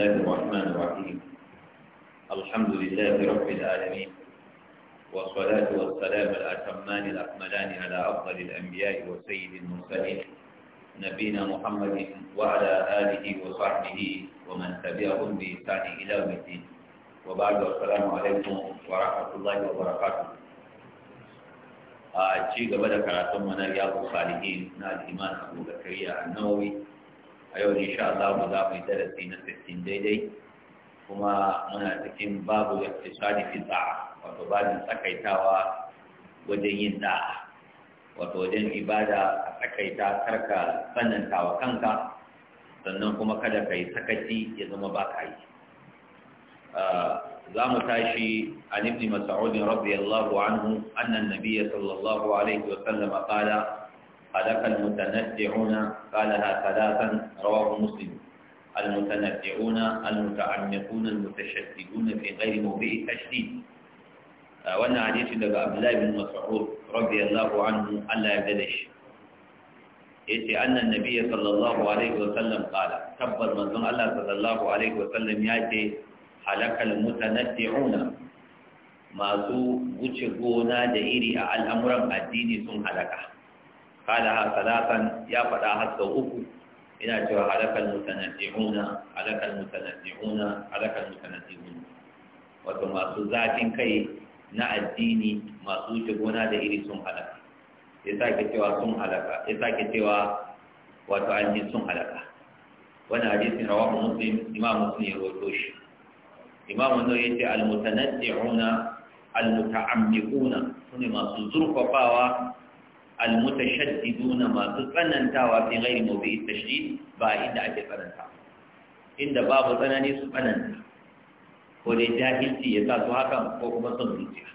الله الرحمن الرحيم الحمد لله رب العالمين والصلاة والسلام الأتمان الأكملان على أفضل الأنبياء وسيد المرسلين نبينا محمد وعلى آله وصحبه ومن تبعهم بإحسان إلى يوم الدين وبعد السلام عليكم ورحمة الله وبركاته أجي آه، بدك على ثم رياض الصالحين نال إيمان أبو زكريا النووي a yau insha Allah za mu yi darasi na 15 daidai kuma muna cikin babu iktisadi fi da'a wato babin tsakaitawa wajen yin da'a wato wajen ibada a tsakaita karka tsananta wa kanka sannan kuma kada ka yi sakaci ya zama ba ka yi za mu tashi an ibni mas'ud radiyallahu anhu annan an-nabiy sallallahu alaihi wa sallam qala هلك المتنزعون قالها ثلاثا رواه مسلم المتنزعون المتعمقون المتشددون في غير موضع تشديد وانا حديث لقى عبد الله بن مسعود رضي الله عنه الا يبدلش yace annan nabiyyi sallallahu alaihi wa sallam qala tabbas manzon Allah sallallahu alaihi wa sallam yace halakal mutanaddi'una masu wuce gona da iri a al'amuran addini sun halaka qala ha salatan ya faɗa har sau uku ina cewa halakal mutanaddi'una halakal mutanaddi'una halakal mutanaddi'una wato masu zafin kai na addini masu wuce gona da iri sun halaka ya sake cewa sun halaka ya sake cewa wato ainihin sun halaka wani hadisin rawahu muslim imam muslim ya rawaito shi imam nawawi yace al mutanaddi'una al sune masu zurfafawa almutashaddiduna masu tsanantawa fi ghairi mawdi'i tashdid ba inda ake tsananta inda babu tsanani su tsananta ko dai jahilci ya sa su hakan ko kuma sun zuciya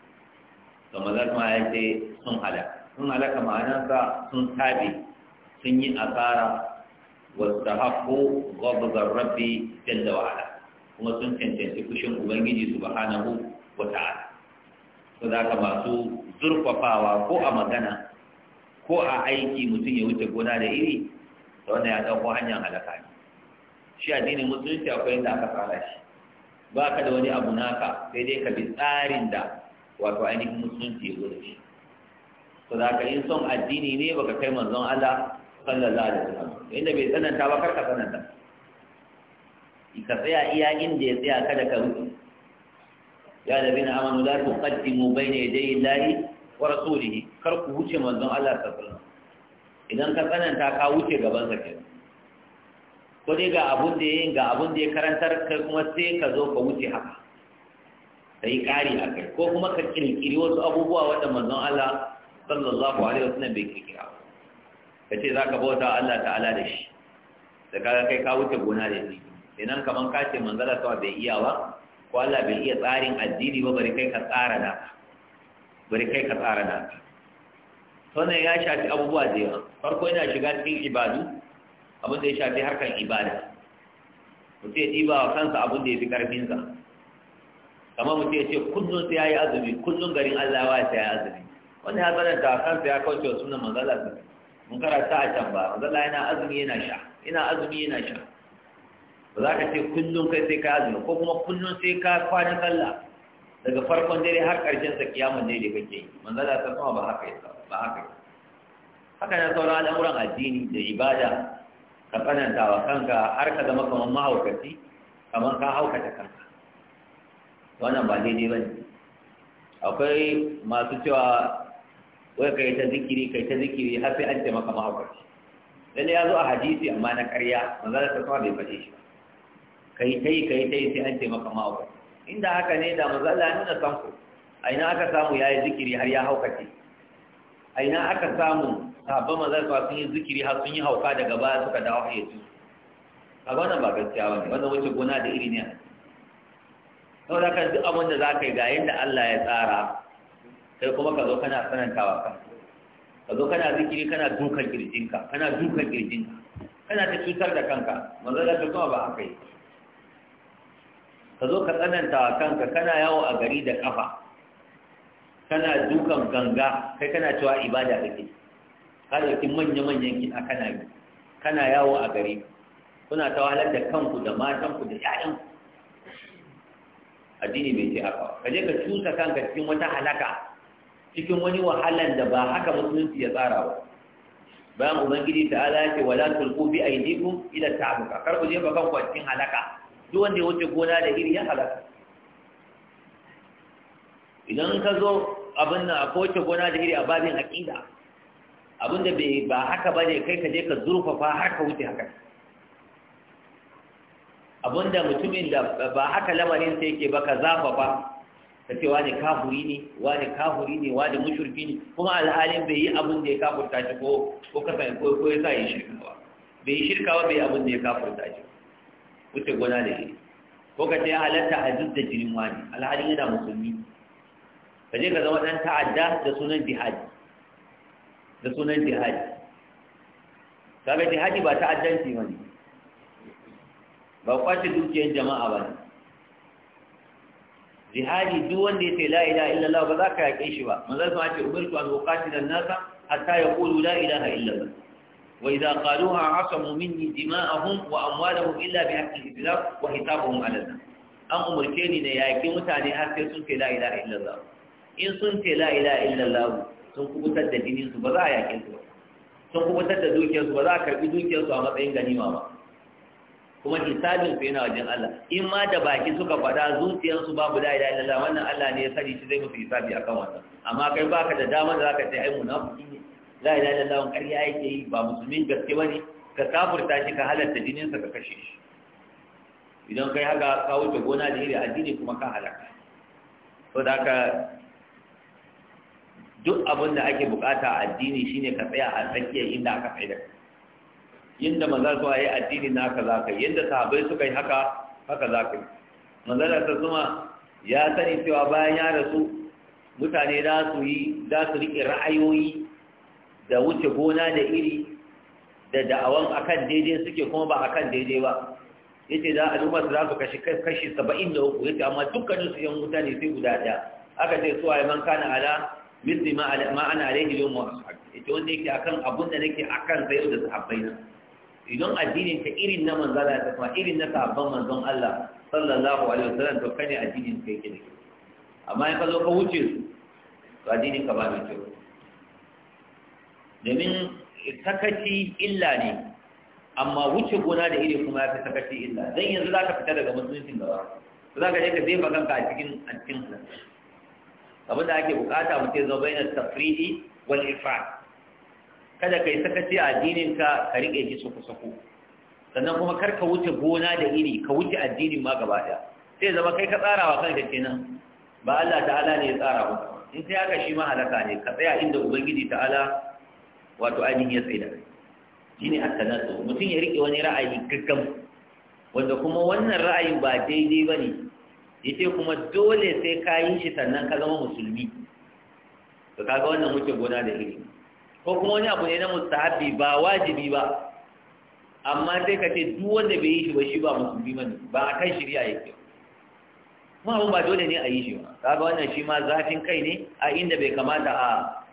to maza kuma ya ce sun halaka sun halaka sun tabi sun yi asara wasu haƙo gwabgar rabbi jalla wa'ala kuma sun cancanci fushin ubangiji subhanahu wa ta'ala ko za ka masu zurfafawa ko a magana ko a aiki mutum ya wuce gona da iri da wanda ya ɗauko hanyar halaka ne shi addinin musulunci akwai yadda aka fara shi ba ka da wani abu naka sai dai ka bi tsarin da wato ainihin musulunci ya zo da shi to da ka yi son addini ne baka kai manzon Allah sallallahu alaihi wasallam inda bai tsananta ba karka tsananta ka tsaya iya inda ya tsaya kada ka wuce ya da bin amanu la tuqaddimu bayna yadayi llahi wa rasulihi kar ku wuce manzon Allah sallallahu idan ka tsananta ka wuce gaban sa kenan ko dai ga abun da yayin ga abun da ya karantar kai kuma sai ka zo ka wuce haka sai kari a kai ko kuma ka kirkiri wasu abubuwa wanda manzon Allah sallallahu alaihi wasallam bai kirkira ba kace zaka bauta Allah ta'ala da shi da kaga kai ka wuce gona da shi idan kaman ka ce manzala sawa bai iya ba ko Allah bai iya tsarin addini ba bari kai ka tsara da bari kai ka tsara da sannan ya shafi abubuwa da yawa farko yana shiga cikin ibadu abin da ya shafi harkar ibada mutum ya ɗiba wa kansa abin da ya fi ƙarfinsa kamar mutum ya ce kullum sai ya yi azumi kullum garin Allah ya sai ya yi azumi wani ya tsananta wa kansa ya kauce wa sunan manzala su mun karanta a can ba manzala yana azumi yana sha yana azumi yana sha ba za ka ce kullum kai sai ka azumi ko kuma kullum sai ka kwana sallah daga farkon dare har ƙarshen sa kiyamun da kake yi manzo da ta kuma ba haka yasa ba haka yasa haka na sauran al'amuran addini da ibada ka tsananta wa kanka har ka zama kamar mahaukaci kamar ka haukata kanka wannan ba daidai ba ne akwai masu cewa wai kai ta zikiri kai ta zikiri har sai an ce maka mahaukaci lalle ya zo a hadisi amma na ƙarya manzo da ta kuma bai faɗe shi ba kai tai kai tai sai an ce maka mahaukaci inda haka ne da mazala nuna sanko a ina aka samu ya yi zikiri har ya haukace a ina aka samu sabon mazarfa sun yi zikiri har sun yi hauka daga baya suka dawo a yanzu a wannan ba gaskiya ba ne wannan wuce gona da iri ne a sau da kan duk abin da za ka yi ga yadda allah ya tsara sai kuma ka zo kana sanantawa ka ka zo kana zikiri kana dukan kirjinka kana dukan kirjinka kana ta cutar da kanka manzo da kuma ba haka yi ka zo ka tsananta wa kanka kana yawo a gari da kafa kana dukan ganga kai kana cewa ibada kake ka zaki manya-manyan kina kana yi kana yawo a gari kuna ta wahalar da kanku da matanku da ƴaƴanku addini bai ce haka ka je ka cusa kanka cikin wata halaka cikin wani wahalan da ba haka musulunci ya tsara ba bayan ubangiji ta ala ce wala tulqu bi aydikum ila ta'abuka kar ku je ba kanku a cikin halaka duk wanda ya wuce gona da iri ya halaka idan ka zo abin nan a wuce gona da iri a babin aƙida abin da ba haka ba ne kai ka je ka zurfafa har ka wuce haka abin da mutumin da ba haka lamarin sai yake ba ka zafafa ka ce wani kafuri ne wani kafuri ne wani mushurki ne kuma alhalin bai yi abin da ya kafurta shi ko ko ko ya sa yi shirka bai yi shirka ba bai abin da ya kafurta shi ba wuce gona da shi ko ka ce halatta a duk da jinin wani alhali yana musulmi ka je ka zama ɗan ta'adda da sunan jihadi da sunan jihadi kaga jihadi ba ta'addanci ba ne ba kwace dukiyar jama'a ba ne jihadi duk wanda ya ce la ilaha illallah ba za ka yaƙe shi ba manzal ma ce Umar umirtu an uqatila an-nasa hatta yaqulu la ilaha illallah وإذا قالوها عصموا مني دماءهم وأموالهم إلا بحق الإسلام وحسابهم على الله an umarce ni da yaƙi mutane har sai sun ce la ilaha illallah in sun ce la ilaha sun kubutar da jinin ba za a yaƙin su ba sun kubutar da dukiyar ba za a karɓi dukiyar a matsayin ganima ba kuma hisabin su yana wajen Allah in ma da baki suka faɗa zuciyar su babu la ilaha illallah wannan Allah ne ya sani shi zai musu hisabi akan wannan amma kai baka da dama da zaka ce ai munafiki la ilaha illallah ƙarya yake yi ba musulmin gaske ba ne ka kafurta shi ka halatta sa ka kashe shi idan kai haka ka wuce gona da iri addini kuma ka halaka to da ka duk abin da ake bukata a addini shine ka tsaya a tsakiyar inda aka tsaya yadda maza su yi addini na za ka yi yadda sahabai suka yi haka haka za ka yi maza da sassuma ya sani cewa bayan ya rasu mutane za su yi za su riƙe ra'ayoyi da wuce gona da iri da da'awan akan daidai suke kuma ba akan daidai ba yace za a duba su za su kashi kashi 73 yace amma dukkanin su yan wuta ne sai guda daya aka ce suwaye man kana ala misli ma ala ma ana alaihi yawm Ya ce yace wanda yake akan abun da nake akan sai da sahabbai na idan addinin ka irin na manzon Allah ta kuma irin na sahabban manzon Allah sallallahu alaihi wasallam to kai ne addinin kai kike amma in ka zo ka wuce su addinin ka ba ne kyau domin sakaci illa ne amma wuce gona da iri kuma ya fi sakaci illa zan yanzu za ka fita daga musuluncin gaba za ka je ka zai maganka a cikin a abinda ake bukata mutum zama bayan tafridi wal ifa kada ka yi sakaci a addinin ka ka riƙe shi suku suku sannan kuma kar ka wuce gona da iri ka wuce addinin ma gaba ɗaya sai zama kai ka tsara wa kanka kenan ba Allah ta'ala ne ya tsara ba in sai haka shi ma halaka ne ka tsaya inda ubangiji ta'ala wato ainihin ya tsaida shi ne attanatu mutum ya riƙe wani ra'ayi gaggam wanda kuma wannan ra'ayi ba daidai ba ne ya ce kuma dole sai ka yi shi sannan ka zama musulmi to kaga wannan muke gona da iri ko kuma wani abu ne na mustahabi ba wajibi ba amma sai ka ce duk wanda bai yi shi ba shi ba musulmi ba ne ba a kan shirya yake kuma abin ba dole ne a yi shi ba kaga wannan shi ma zafin kai ne a inda bai kamata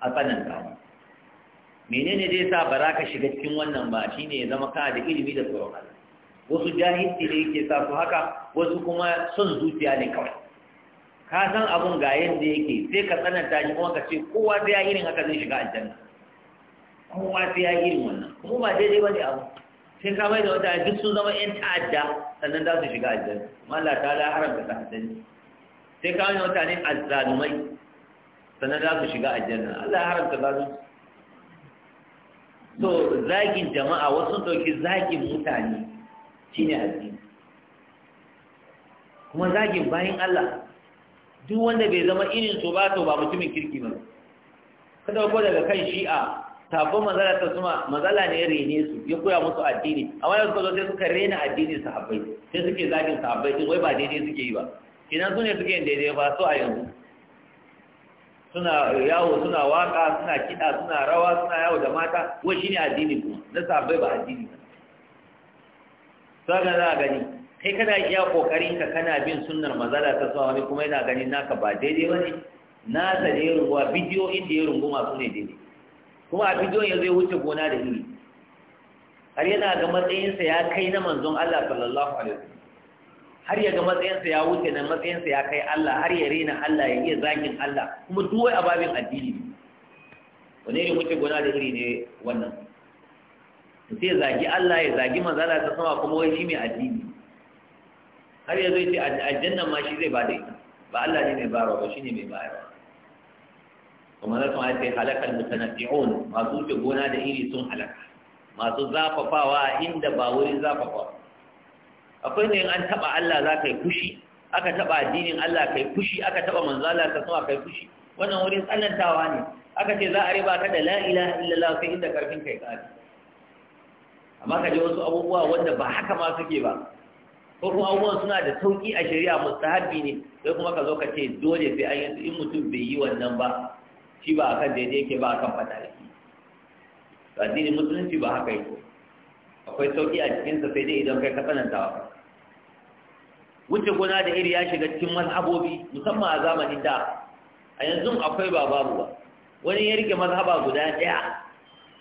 a tsananta ba menene zai sa ba za ka shiga cikin wannan ba shine ya zama kana da ilimi da tsoron Allah wasu jahilci ne yake sa su haka wasu kuma son zuciya ne kawai ka san abun ga yadda yake sai ka tsananta shi kuma ka ce kowa sai ya irin haka zai shiga aljanna kowa sai ya irin wannan kuma ba daidai ba ne abu sai ka mai da wata duk sun zama yan ta'adda sannan za su shiga aljanna kuma Allah ta la haramta ta ta'addanci sai ka mai da ne azzalumai sannan za su shiga aljanna Allah ya haramta su so zagin jama'a wasu ɗauki zagin mutane shine addini kuma zagin bayan Allah duk wanda bai zama irin su ba to ba mutumin kirki ba kada ko daga kan shi'a sabon mazala ta suma mazala ne rene su ya koya musu addini amma yanzu kazo sai suka rena addinin sahabbai sai suke zagin sahabbai din wai ba daidai suke yi ba idan sune suke yin daidai ba so a yanzu suna yawo suna waka suna kiɗa suna rawa suna yawo da mata wai shine addini ku na sabai ba addini ba sai ga gani kai kana iya kokarin ka kana bin sunnar mazala ta sa wani kuma yana ganin naka ba daidai bane na ta ne a bidiyo inda ya runguma su ne daidai kuma a bidiyon ya zai wuce gona da iri har yana ga matsayinsa ya kai na manzon Allah sallallahu alaihi wasallam har ya ga matsayinsa ya wuce nan matsayinsa ya kai Allah har ya rena Allah ya iya zagin Allah kuma duk wai ababin addini wane ne muke gona da iri ne wannan sai zagi Allah ya zagi manzala ta sama kuma wai shi mai addini har ya zai ce aljanna ma shi zai ba da ita ba Allah ne mai bayarwa ba shi ne mai bayarwa kuma na kuma sai halakar mutanafi'un masu wuce gona da iri sun halaka masu zafafawa inda ba wuri zafafawa akwai ne an taba Allah za ka yi fushi aka taba addinin Allah ka yi fushi aka taba manzo Allah ka sama ka yi fushi wannan wurin tsanantawa ne aka ce za a riba ka da la ilaha illallah sai inda karfin kai kare amma ka ji wasu abubuwa wanda ba haka ma suke ba ko kuma abubuwan suna da sauki a shari'a mustahabi ne sai kuma ka zo ka ce dole sai an yi in mutum bai yi wannan ba shi ba akan daidai yake ba akan fata yake addinin musulunci ba haka yake akwai sauki a cikinsa sai dai idan kai ka tsanantawa wuce gona da iri ya shiga cikin mazhabobi musamman a zamanin da a yanzu akwai ba babu ba wani ya rike mazhaba guda ɗaya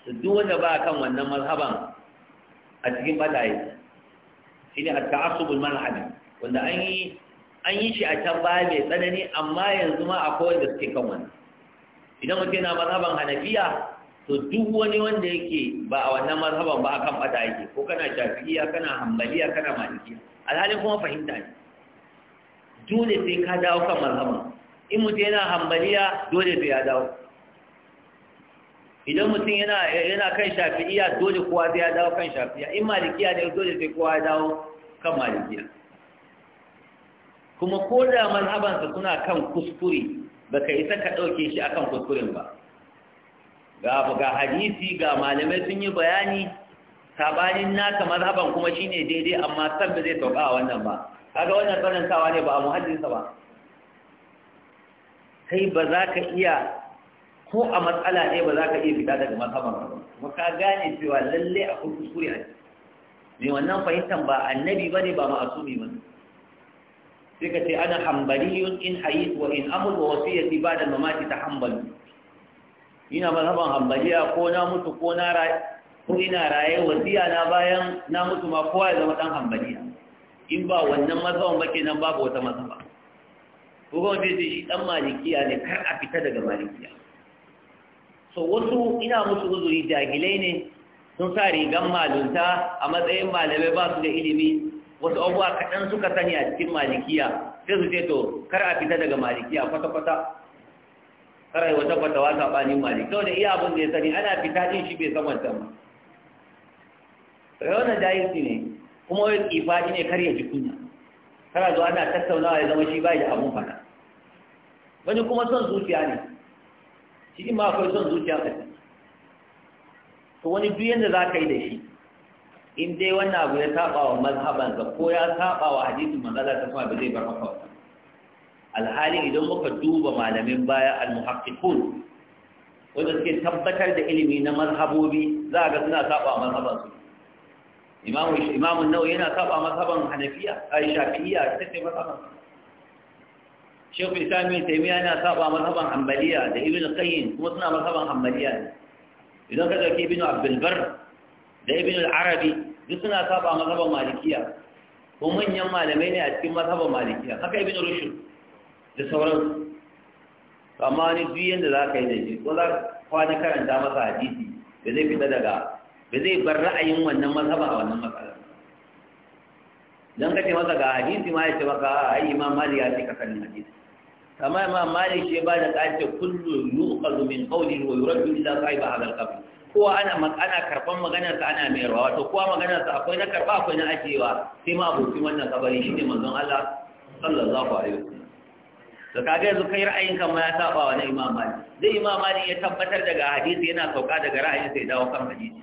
da duk wanda ba kan wannan mazhaban a cikin bataye shi ne a ta'asubul manhaji wanda an yi an yi shi a can baya mai tsanani amma yanzu ma akwai wanda suke kan wannan idan mutum yana mazhaban hanafiya to duk wani wanda yake ba a wannan mazhaban ba akan bata yake ko kana shafi'iyya kana hanbaliya kana malikiya alhalin kuma fahimta ne dole sai ka dawo kan mazhaban in mutum yana hanbaliya dole sai ya dawo idan mutum yana yana kan shafi'iyya dole kowa sai ya dawo kan shafi'iyya in malikiya ne dole sai kowa ya dawo kan malikiya kuma ko da mazhabansa suna kan kuskure baka isa ka ɗauke shi akan kuskuren ba ga ga hadisi ga malamai sun yi bayani sabanin naka mazhaban kuma shine daidai amma san ba zai tauka wannan ba kaga wannan sawa ne ba a muhaddisinsa ba kai ba za ka iya ko a matsala ne ba za ka iya fita daga mazhaban ba kuma ka gane cewa lalle a kuskure a ne wannan fahimtar ba annabi ne ba ma'asumi ba. sai ka ce ana hambaliyun in hayi wa in amur wa wasiyati ba da mamaki ta hambali ina mazhaban hambaliya ko na mutu ko na raye ko ina raye wasiya na bayan na mutu ma kowa ya zama dan hambaliya in ba wannan mazhaban ba kenan babu wata mazhaba ko kuma bai ce dan malikiya ne kar a fita daga malikiya so wasu ina musu uzuri jahilai ne sun sa rigan malunta a matsayin malamai ba su da ilimi wasu abubuwa kaɗan suka sani a cikin malikiya sai su ce to kar a fita daga malikiya kwata-kwata karai wata fatawa saɓanin mali kawai da iya abin da ya sani ana fita ɗin shi bai saman ta ba rayuwar da jahilci ne kuma wai kifa ne kar ya ji kunya kana zuwa ana tattaunawa ya zama shi bai da abin fada wani kuma son zuciya ne shi ma akwai son zuciya ka to wani duk da za ka yi da shi in dai wannan abu ya saba wa mazhabansa ko ya saba wa hadisin manzala ta kuma ba zai bar maka wata alhali idan muka duba malamin baya al-muhaqqiqun wanda suke tabbatar da ilimi na mazhabobi za ga suna saba mazhaban su imamu imamu nawawi yana saba mazhaban hanafiya ai shafi'iyya take mazhaban shekhu islami taimiya yana saba mazhaban hanbaliya da ibn qayyim kuma suna mazhaban hanbaliya ne idan ka dauki ibn abdul bar da ibn al-arabi duk suna saba mazhaban malikiya ko manyan malamai ne a cikin mazhaban malikiya haka ibn rushd da sauran amma ni duk yanda za ka yi da shi ko za kwana karanta masa hadisi da zai fita daga ba zai bar ra'ayin wannan mazhaba a wannan matsalar dan kace masa ga hadisi ma ya ce maka ai imam mali ya ce ka kalli hadisi kama imam mali shi ba da kace kullu yuqazu min qawli wa yuraddu ila sahibi hadha al-qabr kowa ana ana karban maganar sa ana mayarwa wato kowa maganar sa akwai na karba akwai na ajiyewa sai ma abokin wannan kabari shine manzon Allah sallallahu alaihi wasallam to kaga yanzu kai ra'ayin kan ma ya saba wa na imam malik zai imam ya tabbatar daga hadisi yana sauka daga ra'ayin sai dawo kan hadisi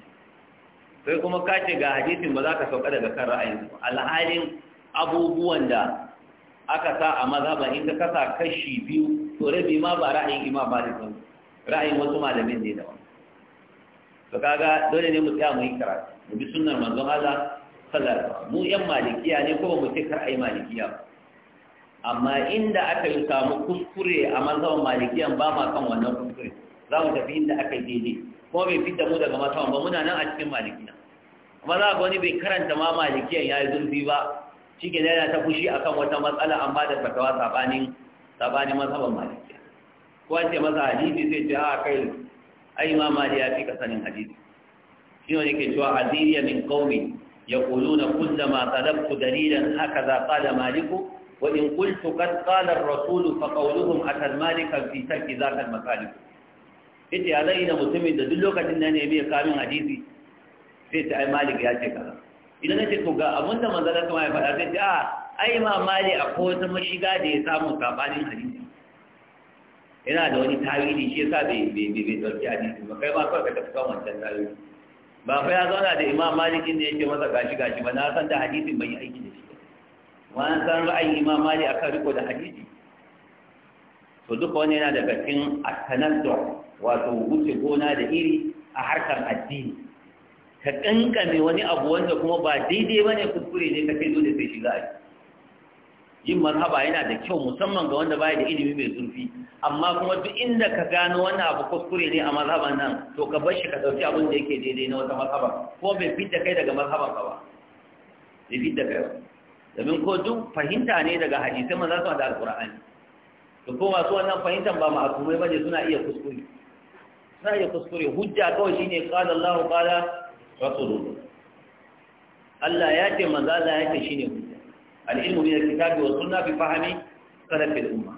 sai kuma ka ce ga hadisin ba za ka sauka daga kan ra'ayin alhalin abubuwan da aka sa a mazhaban in ka kasa kashi biyu to rabi ma ba ra'ayin imam malik ba ra'ayin wasu malamin ne daban to kaga dole ne mu tsaya mu yi karatu mu bi sunnar manzon Allah sallallahu alaihi wasallam mu yan malikiya ne ko mu ce kar ai malikiya amma inda aka yi samu kuskure a mazaun malikiyan ba ma kan wannan kuskure za mu tafi inda aka yi daidai kuma bai fita mu daga mazhaban ba muna nan a cikin malikiya amma za ga wani bai karanta ma malikiyan ya yi zurfi ba shi ke yana ta fushi a kan wata matsala an ba da fatawa sabanin sabanin mazaun malikiya ko an ce masa hadisi sai ce a ah, kai ai ma mali ya fi kasanin hadisi shi ne ke cewa aziriya min qaumi yaquluna kullama talabtu dalilan hakaza qala maliku wa in qultu qad qala ar-rasul fa qawluhum atal malikan fi tarki zaka al-masalih yace alai na mutumin da duk lokacin da ne mai kamin hadisi sai ta ai malik ya ce kaza idan nace to ga abin da manzon Allah ya faɗa sai ce a ai ma mali akwai wata mashiga da ya samu sabanin hadisi yana da wani tawili shi yasa bai bai bai dauki hadisi ba kai ba kawai ka tafi kan wancan tawili ba fa ya zauna da imam malikin ne yake masa gashi gashi ba na san da hadisin bai yi aiki da shi wani san ra'ayin ma mali kan riko da hadisi to duka wani yana daga cikin atanaddu wato wuce gona da iri a harkar addini ka kankame wani abu wanda kuma ba daidai bane kuskure ne kafin dole sai shiga a yin marhaba yana da kyau musamman ga wanda baya da ilimi mai zurfi amma kuma duk inda ka gano wannan abu kuskure ne a marhaban nan to ka bar shi ka dauki abin da yake daidai na wata marhaba ko bai fita kai daga marhaban ka ba bai fita kai ba domin ko duk fahimta ne daga hadisai maza su da alqur'ani to ko wasu wannan fahimtan ba ma akwai ba ne suna iya kuskure suna iya kuskure hujja kawai shine qala Allahu qala rasulullah Allah ya ce maza Allah ya ce shine hujja al-ilmu min al-kitabi wa sunnah bi fahmi salaf al-umma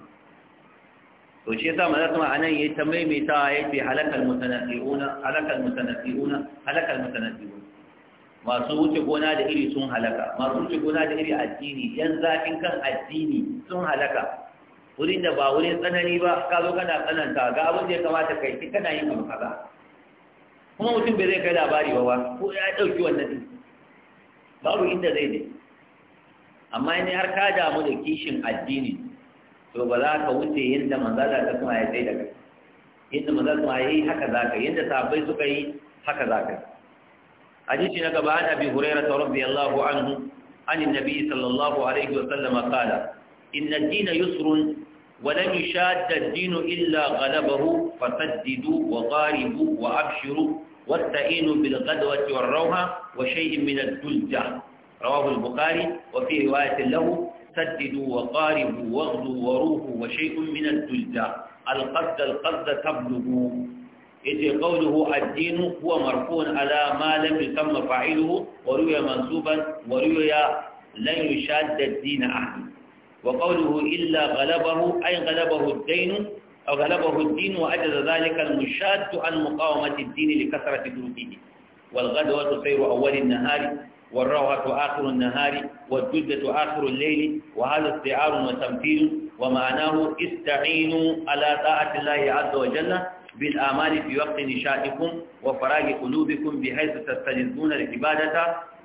to shi yasa maza kuma anan yayi mai ta maimaita yayi halakal mutanafi'una halakal mutanafi'una halakal mutanafi'una masu wuce gona da iri sun halaka masu wuce gona da iri addini yan zafin kan addini sun halaka wurin da ba wurin tsanani ba ka zo kana tsananta ga abin da ya kamata kai ki kana yin abu kaza kuma mutum bai zai kai labari ba ba ko ya dauki wannan din babu inda zai ne amma in har ka damu da kishin addini to ba za ka wuce yadda manzala ta kuma ya sai da kai yadda manzala ta kuma ya yi haka za ka yadda sahabbai suka yi haka za ka yi حديث نقب عن أبي هريرة رضي الله عنه عن النبي صلى الله عليه وسلم قال إن الدين يسر ولن يشاد الدين إلا غلبه فسددوا وقاربوا وأبشروا واستعينوا بالغدوة والروحة وشيء من الدلجة رواه البخاري وفي رواية له سددوا وقاربوا واغدوا وروحوا وشيء من الدلجة القصد القصد تبلغوا إذ قوله الدين هو مرفوع على ما لم يتم فاعله وروي منصوبا وروي لن يشاد الدين أحد وقوله إلا غلبه أي غلبه الدين أو غلبه الدين وأجد ذلك المشاد عن مقاومة الدين لكثرة دروته والغدوة خير أول النهار والروعة آخر النهار والجدة آخر الليل وهذا استعار وتمثيل ومعناه استعينوا على طاعة الله عز وجل بالآمال في وقت نشائكم وفراغ قلوبكم بحيث تستلذون العبادة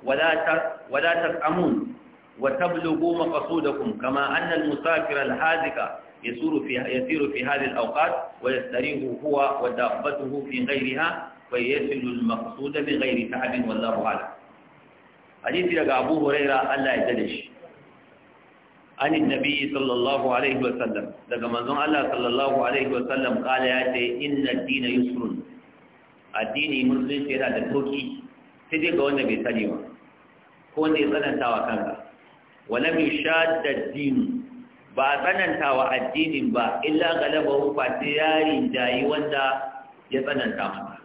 ولا ولا تسأمون وتبلغوا مقصودكم كما أن المسافر الحاذق يسير في يسير في هذه الأوقات ويستريح هو ودابته في غيرها فيصل المقصود بغير تعب والله أعلم حديث لك أبو هريرة الله يدلش عن النبي صلى الله عليه وسلم daga manzon Allah sallallahu alaihi wasallam kala ya ce inna ad-din yusrun addini musulunci yana da sauki sai dai ga wanda bai sani ba ko wanda ya tsananta wa kanka wala min shadda ad-din ba tsananta wa addinin ba illa galabahu fa tiyari jayi wanda ya tsananta masa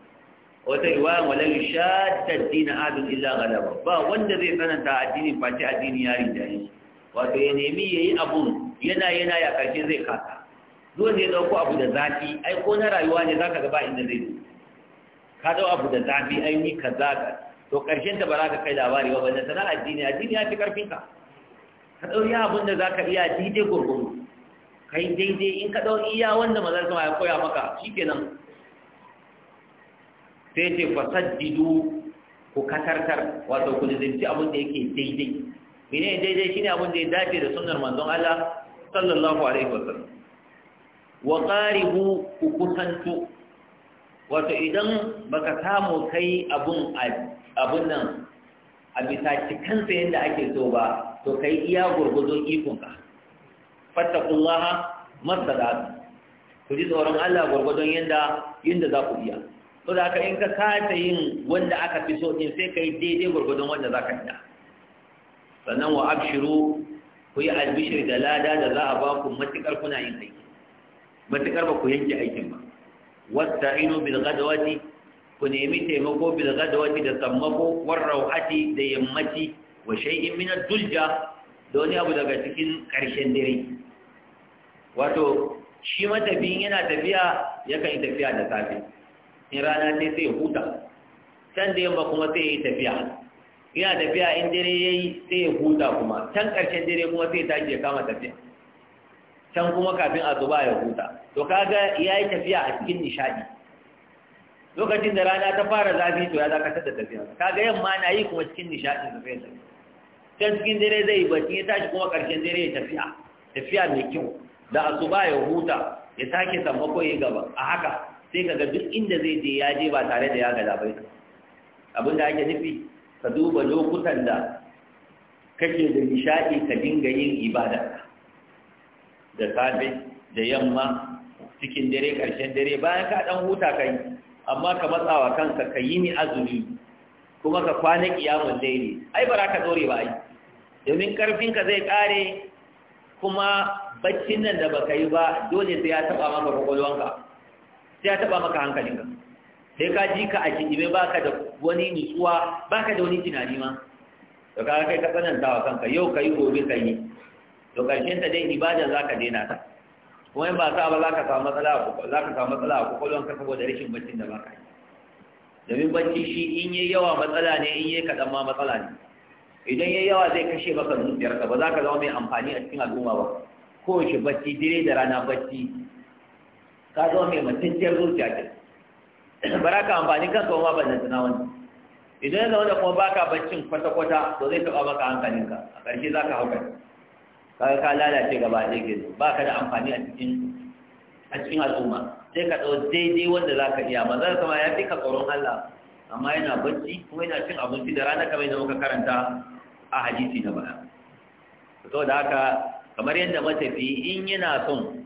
wata yi wayan wani shadda ad-din adun illa galabahu ba wanda zai tsananta addinin fa ti addini ya rinjaye wato ya nemi ya yi abun yana yana ya karshe zai kasa zuwan ne ya dauko abu da zafi ai ko na rayuwa ne za ka gaba inda zai zo ka dau abu da zafi ai ni ka zaga to karshen ta ba za ka kai labari ba wannan sana addini addini ya fi karfin ka ka dau abun da za ka iya daidai gurgurdu kai daidai in ka dau iya wanda mazan sama ya koya maka shikenan sai ce fasaddidu ku katartar wato ku nizinci abin da yake daidai mene daidai shine abin da ya dace da sunnar manzon Allah sallallahu alaihi wasallam wa qaribu ku kusantu wato idan baka samu kai abun abun nan a bisa cikansa yadda ake so ba to kai iya gurgudun ikonka fattakullaha masadatu ku ji tsoron Allah gurgudun yadda yanda za ku iya to da haka in ka kasa yin wanda aka fi so din sai kai daidai gurgudun wanda za ka iya sannan wa abshiru ku yi albishir da lada da za a ba ku matukar kuna yin aiki matukar ba ku yanke aikin ba wasta'inu bil ghadwati ku nemi taimako bil ghadwati da sammako war rauhati da yammaci wa shay'in min ad-dulja da wani abu daga cikin karshen dare wato shi matafiyin yana tafiya yakan tafiya da safe in rana ne sai huta can da yamma kuma sai ya yi tafiya Ina tafiya in dare ya yi sai ya huta kuma can ƙarshen dare kuma sai ta ke kama tafiya can kuma kafin a zuba ya huta to kaga ya yi tafiya a cikin nishaɗi lokacin da rana ta fara zafi to ya dakatar da tafiya kaga yamma na yi kuma cikin nishaɗin tafiya tafiya can cikin dare zai yi bacci ya tashi kuma ƙarshen dare ya tafiya tafiya mai kyau da a zuba ya huta ya sake sammako ya gaba a haka sai kaga duk inda zai je ya je ba tare da ya gada bai abin da ake nufi ka duba lokutan da kake da nishaɗi ka dinga yin ibada da safe da yamma cikin dare ƙarshen dare bayan ka ɗan huta kai amma ka matsawa kanka ka yi ni azumi kuma ka kwana ƙiyamun laili ai ba za ka tsore ba ai domin ƙarfinka zai ƙare kuma baccin nan da baka yi ba dole sai ya taɓa maka kwakwalwanka sai ya taɓa maka hankalinka sai ka ji ka a kiɗime ba ka da wani nutsuwa ba ka da wani tunani ma to ka kai ka tsananta wa kanka yau ka yi gobe ka yi to karshen ta dai ibada za ka daina ta kuma in ba sa ba za ka samu matsala a kokon ka saboda rashin baccin da ba ka yi domin bacci shi in yi yawa matsala ne in yi kaɗan ma matsala ne idan yi yawa zai kashe maka ka ba za ka zama mai amfani a cikin al'umma ba kowace bacci dire da rana bacci ka zama mai matacciyar zuciya ce ba ka amfani kanka ma ba zantana wani idan ya zama da kuma baka baccin kwata-kwata to zai taɓa maka hankalinka a ƙarshe za ka hauka kaga ka lalace gaba ɗaya gizo ba ka da amfani a cikin al'umma sai ka ɗau daidai wanda za ka iya manzara sama ya fi ka tsoron Allah amma yana bacci kuma yana cin abinci da rana kamar yadda muka karanta a hadisi na baya da haka kamar yadda matafi in yana son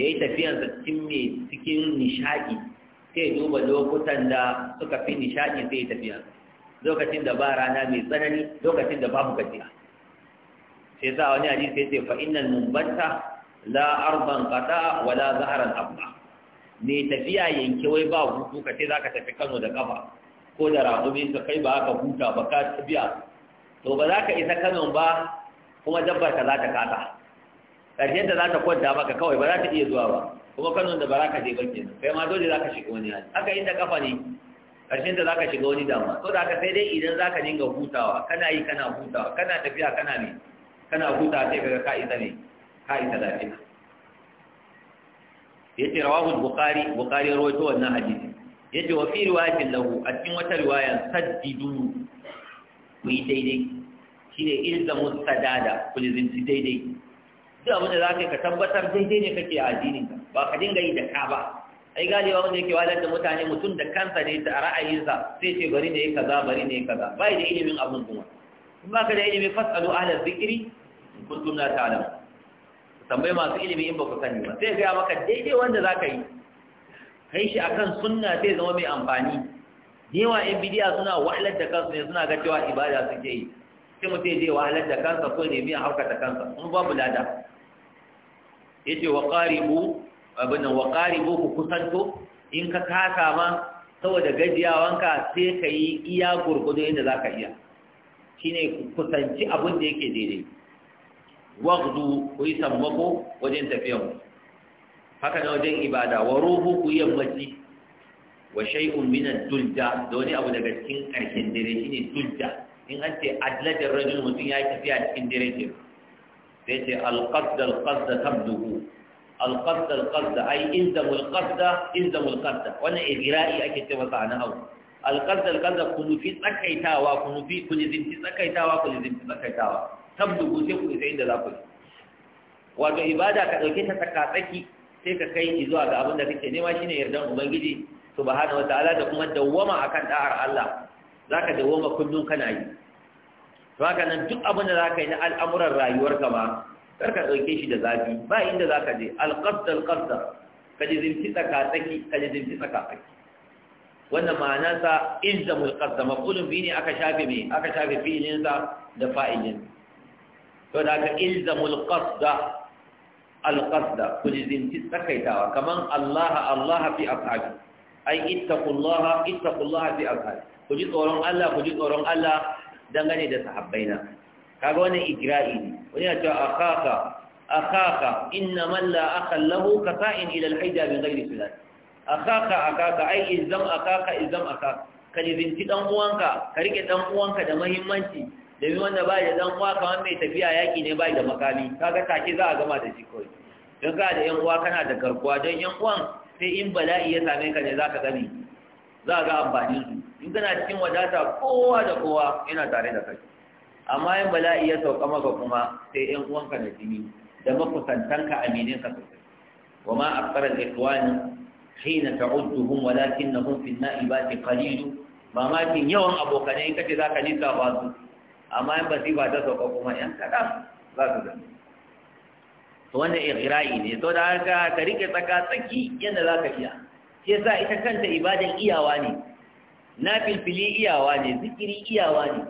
ya yi tafiyansa cikin mai cikin nishaɗi sai duba lokutan da suka fi nishaɗi sai ya tafiya lokacin da ba rana mai tsanani lokacin da babu gajiya sai sa wani aji sai sai fa innal mumbata la arban qata wala la abba mai tafiya yanke wai ba hutu ka ce za ka tafi Kano da kafa ko da raƙumi ka kai ba ka huta ba ka tafiya to ba za ka isa Kano ba kuma dabbar ka za ta kasa ƙarshen da za ta kwanta maka kawai ba za ta iya zuwa ba kuma kanon da ba za ka je ba kai ma dole za ka shiga wani hali haka inda kafa ne ƙarshen da za ka shiga wani damuwa so da haka sai dai idan za ka dinga hutawa kana yi kana hutawa kana tafiya kana ne kana hutawa sai kaga ka isa ne ka isa lafiya ya ce rawahu bukari bukari ya rawaito wannan hadisi ya ce wa fi riwayatin lahu a cikin wata riwaya saddidu ku yi daidai shine ilzamu sadada ku lizinci daidai duk abin da za ka yi ka tabbatar daidai ne kake a addinin ba ka dinga yi da ka ba ai galiba wanda yake wajen da mutane mutum da kansa ne ta ra'ayinsa sai ce bari ne kaza bari ne kaza bai da ilimin abun kuma in ba ka da ilimin fasalu ahlaz zikri ta la Ku tambayi masu ilimi in ba ku sani ba sai ga maka daidai wanda za ka yi kai shi akan sunna sai zama mai amfani yawa yan bidiya suna wahalar da kansu ne suna ga cewa ibada suke yi sai mutum ya je wahalar da kansa ko ne biyan haukata kansa kuma babu lada yace wa qaribu abin wa qaribu ku kusanto in ka kasa ma saboda gajiyawanka sai ka yi iya gurgudu inda za ka iya shine kusanci abin da yake daidai wagdu ku yi sammako wajen tafiyan haka na wajen ibada wa ruhu ku yi yammaci wa shay'un minan dulja da wani abu daga cikin karshen dare shi ne dulja in an ce adlajar rajin mutum ya yi tafiya cikin dare ke sai ce alƙasda alƙasda tabduhu alƙasda alƙasda ai ilzamul ƙasda ilzamul ƙasda wannan igira'i ake ce masa a na'au alƙasda alƙasda ku nufi tsakaitawa ku nufi ku nizimci tsakaitawa ku nizimci tsakaitawa tabduhu sai ku isa inda za ku yi wato ibada ka ɗauke ta tsakatsaki sai ka kai zuwa ga abin da kake nema shine yardan ubangiji subhanahu wataala da kuma dawwama akan da'ar Allah zaka dawwama kullun kana yi to nan duk abin da za ka yi na al'amuran rayuwarka ma kar ka ɗauke shi da zafi ba inda za ka je alƙasdar ƙasdar ka ji tsaka tsaki, ka ji tsaka tsaki. wannan ma'anarsa ilzamul ƙasda mafulun bi ne aka shafe mai aka shafe fi'ilinsa da fa'ilin to da ka ilzamul ƙasda alƙasda ku ji zimci tsakaitawa kamar allaha allaha fi ashabi ai ittaqullaha ittaqullaha fi ashabi ku ji tsoron allah ku ji tsoron allah dangane da sahabbaina kaga wannan igra'i ne wani ya Akaka! akhaka akhaka inna man la akha lahu ila al-hijab ghairi sunan akhaka akaka ai izam akaka izam akaka ka binti dan uwanka ka rike dan uwanka da muhimmanci Da yi wanda ba da dan uwa kamar mai tafiya yaki ne ba da makami kaga take za a gama da shi kawai don ka da yan uwa kana da garkuwa don yan uwan sai in bala'i ya same ka ne za ka gani za ga amfani su in kana cikin wadata kowa da kowa yana tare da kai amma in bala'i ya sauka maka kuma sai yan uwanka na jini da makusantanka aminin ka sosai wa ma aktsara al-ikhwani hina ta'udduhum walakinnahum fi naibati qalil mamakin yawan abokanai in kace zaka nisa ba su amma in basifa ta sauka kuma yan kada za su zama to wannan ighra'i ne to da haka ka rike tsaka tsaki yadda za ka iya shi sa ita kanta ibadan iyawa ne na filfili iyawa ne zikiri iyawa ne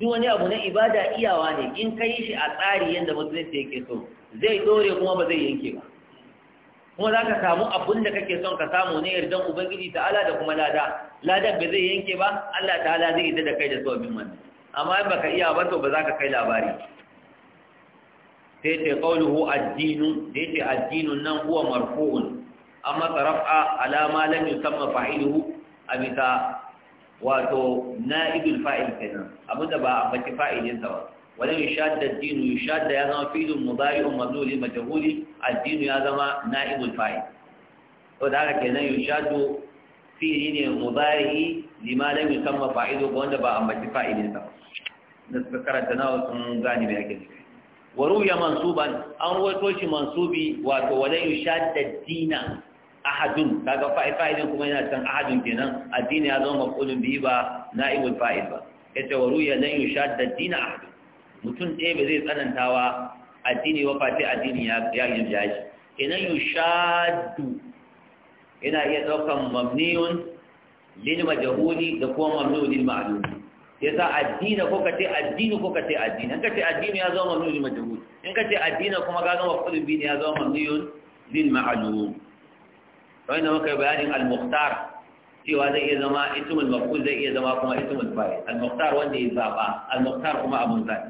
duk wani abu na ibada iyawa ne in ka yi shi a tsari yadda musulunci yake so zai dore kuma ba zai yanke ba kuma za ka samu abin da kake son ka samu ne yardan ubangiji Ala da kuma lada ladan ba zai yanke ba Allah ta'ala zai yi da kai da abin wani amma in baka iya ba to ba za ka kai labari sai ce qauluhu addinu da yace nan huwa marfu'un amma tarafa alama lam yusamma fa'iluhu a bisa wato na'ibul fa'il kenan abinda ba a bace fa'ilin sa ba wala yushadda ad-din yushadda ya zama fi'lun mudari'un mabdu lil majhuli ad-din ya zama na'ibul fa'il to da haka kenan yushaddu fi'li ne mudari lima lam yusamma fa'iluhu wanda ba a bace fa'ilin sa ba da suka karanta nawa sun gane me yake nufi wa ruya mansuban an ruwaito shi mansubi wato wala yushadda ad-dina ahadun kaga fa'i kuma yana can ahadun kenan addini ya zama maf'ulun bihi ba na'ibul fa'il ba yace waru ya lan yushadda ad-din ahad mutum ɗaya ba zai tsanantawa addini wa fati addini ya ya ya shi kenan yushaddu yana iya daukan mamniyun lil majhuli da kuma mamniyun lil ma'lum yasa addini ko kace addini ko kace addini in kace addini ya zama mamniyun lil majhul in kace addini kuma ga zama maf'ulun bihi ya zama mamniyun lil ma'lum kamar da muka yi bayanin al-mukhtar cewa zai iya zama ismul maf'ul zai iya zama kuma ismul fa'il al-mukhtar wanda ya zaba al-mukhtar kuma abun zai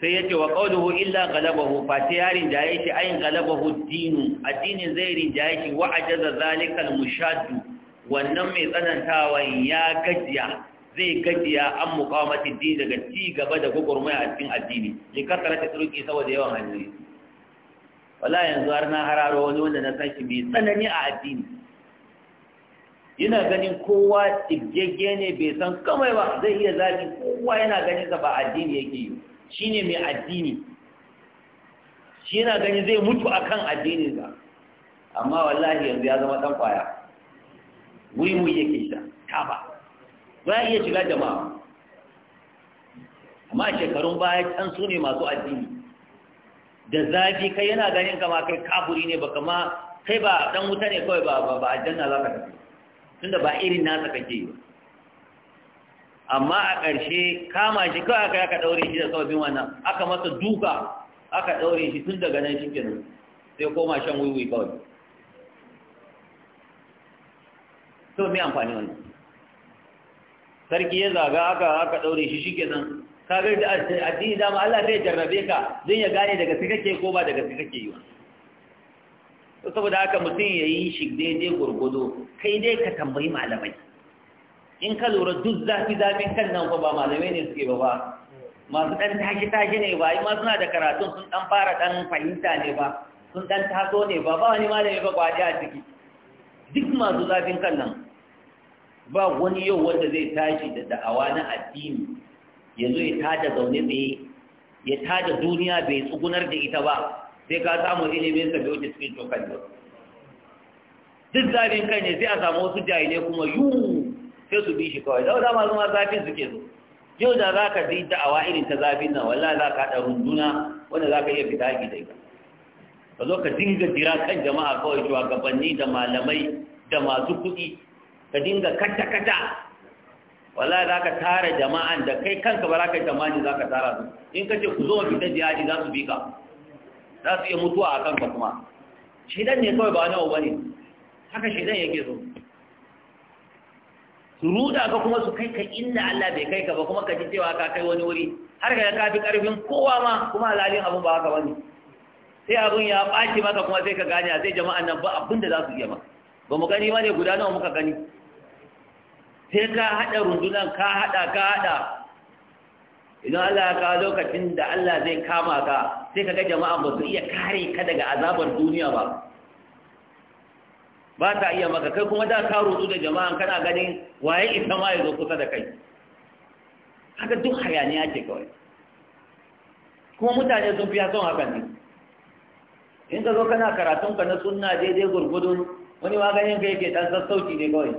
sai ya yace wa qawluhu illa ghalabahu Fati tiyarin da shi ayin ghalabahu dinu addinin zai rinjaye shi wa ajaza zalika al-mushaddu wannan mai tsanantawa ya gajiya zai gajiya an muqamati dini daga ci gaba da gugurmaya a cikin addini li kasara ta turki saboda yawan hanyoyi wala yanzu har na hararo wani wanda na san mai tsanani a addini yana ganin kowa tibgegge ne bai san kamai ba zai iya zafi kowa yana ganin sa ba addini yake yi Shi ne mai addini shi yana ganin zai mutu akan addini ba amma wallahi yanzu ya zama dan kwaya wuri mu yake sha taba ba iya shiga jama'a amma shekarun baya can su ne masu addini da zafi kai yana ganin kama kai kafuri ne ba kama kai ba dan wuta ne kawai ba ba ba janna za ka tafi tunda ba irin nasa kake yi amma a ƙarshe kama shi kawai aka aka daure shi da sabbin wannan aka masa duka aka daure shi tun daga nan shi kenan sai koma shan wiwi kawai to me amfani wannan sarki ya zaga aka aka daure shi shikenan ka da addini dama Allah zai jarrabe ka don ya gane daga su kake ko ba daga su kake yi to saboda haka mutum ya yi shi daidai gurgudu kai dai ka tambayi malamai in ka lura duk zafi zafin kan nan ba malamai ne suke ba ba masu ɗan tashi tashi ne ba ma suna da karatun sun dan fara ɗan fahimta ne ba sun ɗan taso ne ba ba wani malami ba kwaje a ciki duk masu zafin kan nan ba wani yau wanda zai tashi da da'awa na addini yanzu ya tada zaune tsaye ya tada duniya bai tsugunar da ita ba sai ka samu ilimin sa bai wuce cikin tokan ba duk zafin kai ne sai a samu wasu jahilai kuma yu sai su bi shi kawai da dama zama zafin suke zo yau da za ka ji da'awa irin ta zafin nan wallah za ka haɗa runduna wanda za ka iya fita haƙi da ita ka zo ka dinga jira kan jama'a kawai shugabanni da malamai da masu kuɗi ka dinga kata-kata wallahi za ka tara jama'an da kai kanka ba za ka yi tamani za ka tara su in ka ce ku zo ta jihadi za su bi ka za su iya mutuwa a kanka kuma shidan ne kawai ba nawa ba ne haka shidan yake so su ruda ka kuma su kai ka inda Allah bai kai ka ba kuma ka ji cewa ka kai wani wuri har ka ka fi karfin kowa ma kuma alalin abun ba haka bane sai abun ya ɓaci maka kuma sai ka gane a sai jama'an nan ba abin da za su iya ba, ba mu gani ma ne guda nawa muka gani sai ka haɗa rundunan ka haɗa ka haɗa idan Allah ya kawo lokacin da Allah zai kama ka sai ka ga jama'a ba su iya kare ka daga azabar duniya ba ba ta iya maka kai kuma da ka rutu da jama'an kana ganin waye ita ma ya zo kusa da kai haka duk hayaniya ce kawai kuma mutane sun fiya son hakan ne in ka zo kana karatunka na sunna daidai gurgudun wani maganin ka yake dan sassauci ne kawai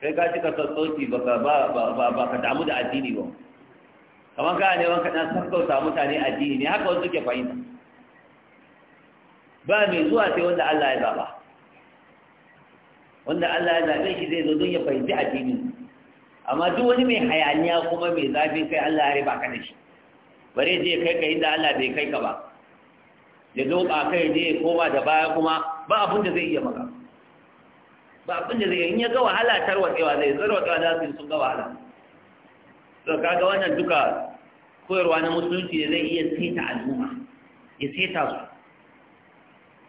kai ka cika sassoci ba ka damu da addini ba kamar ka ne wanka ɗan sassauta mutane addini ne haka wasu ke fahimta ba mai zuwa sai wanda Allah ya zaba wanda Allah ya zaɓe shi zai zo don ya fahimci addini amma duk wani mai hayaniya kuma mai zafin kai Allah ya riba ka da shi bare je kai ka inda Allah bai kai ka ba ya zo ba kai ne koma da baya kuma ba abin da zai iya maka ba abin da zai in ya ga wahala tarwatsewa zai tarwatsewa za su yi sun ga wahala to kaga wannan duka koyarwa na musulunci da zai iya saita al'umma ya saita su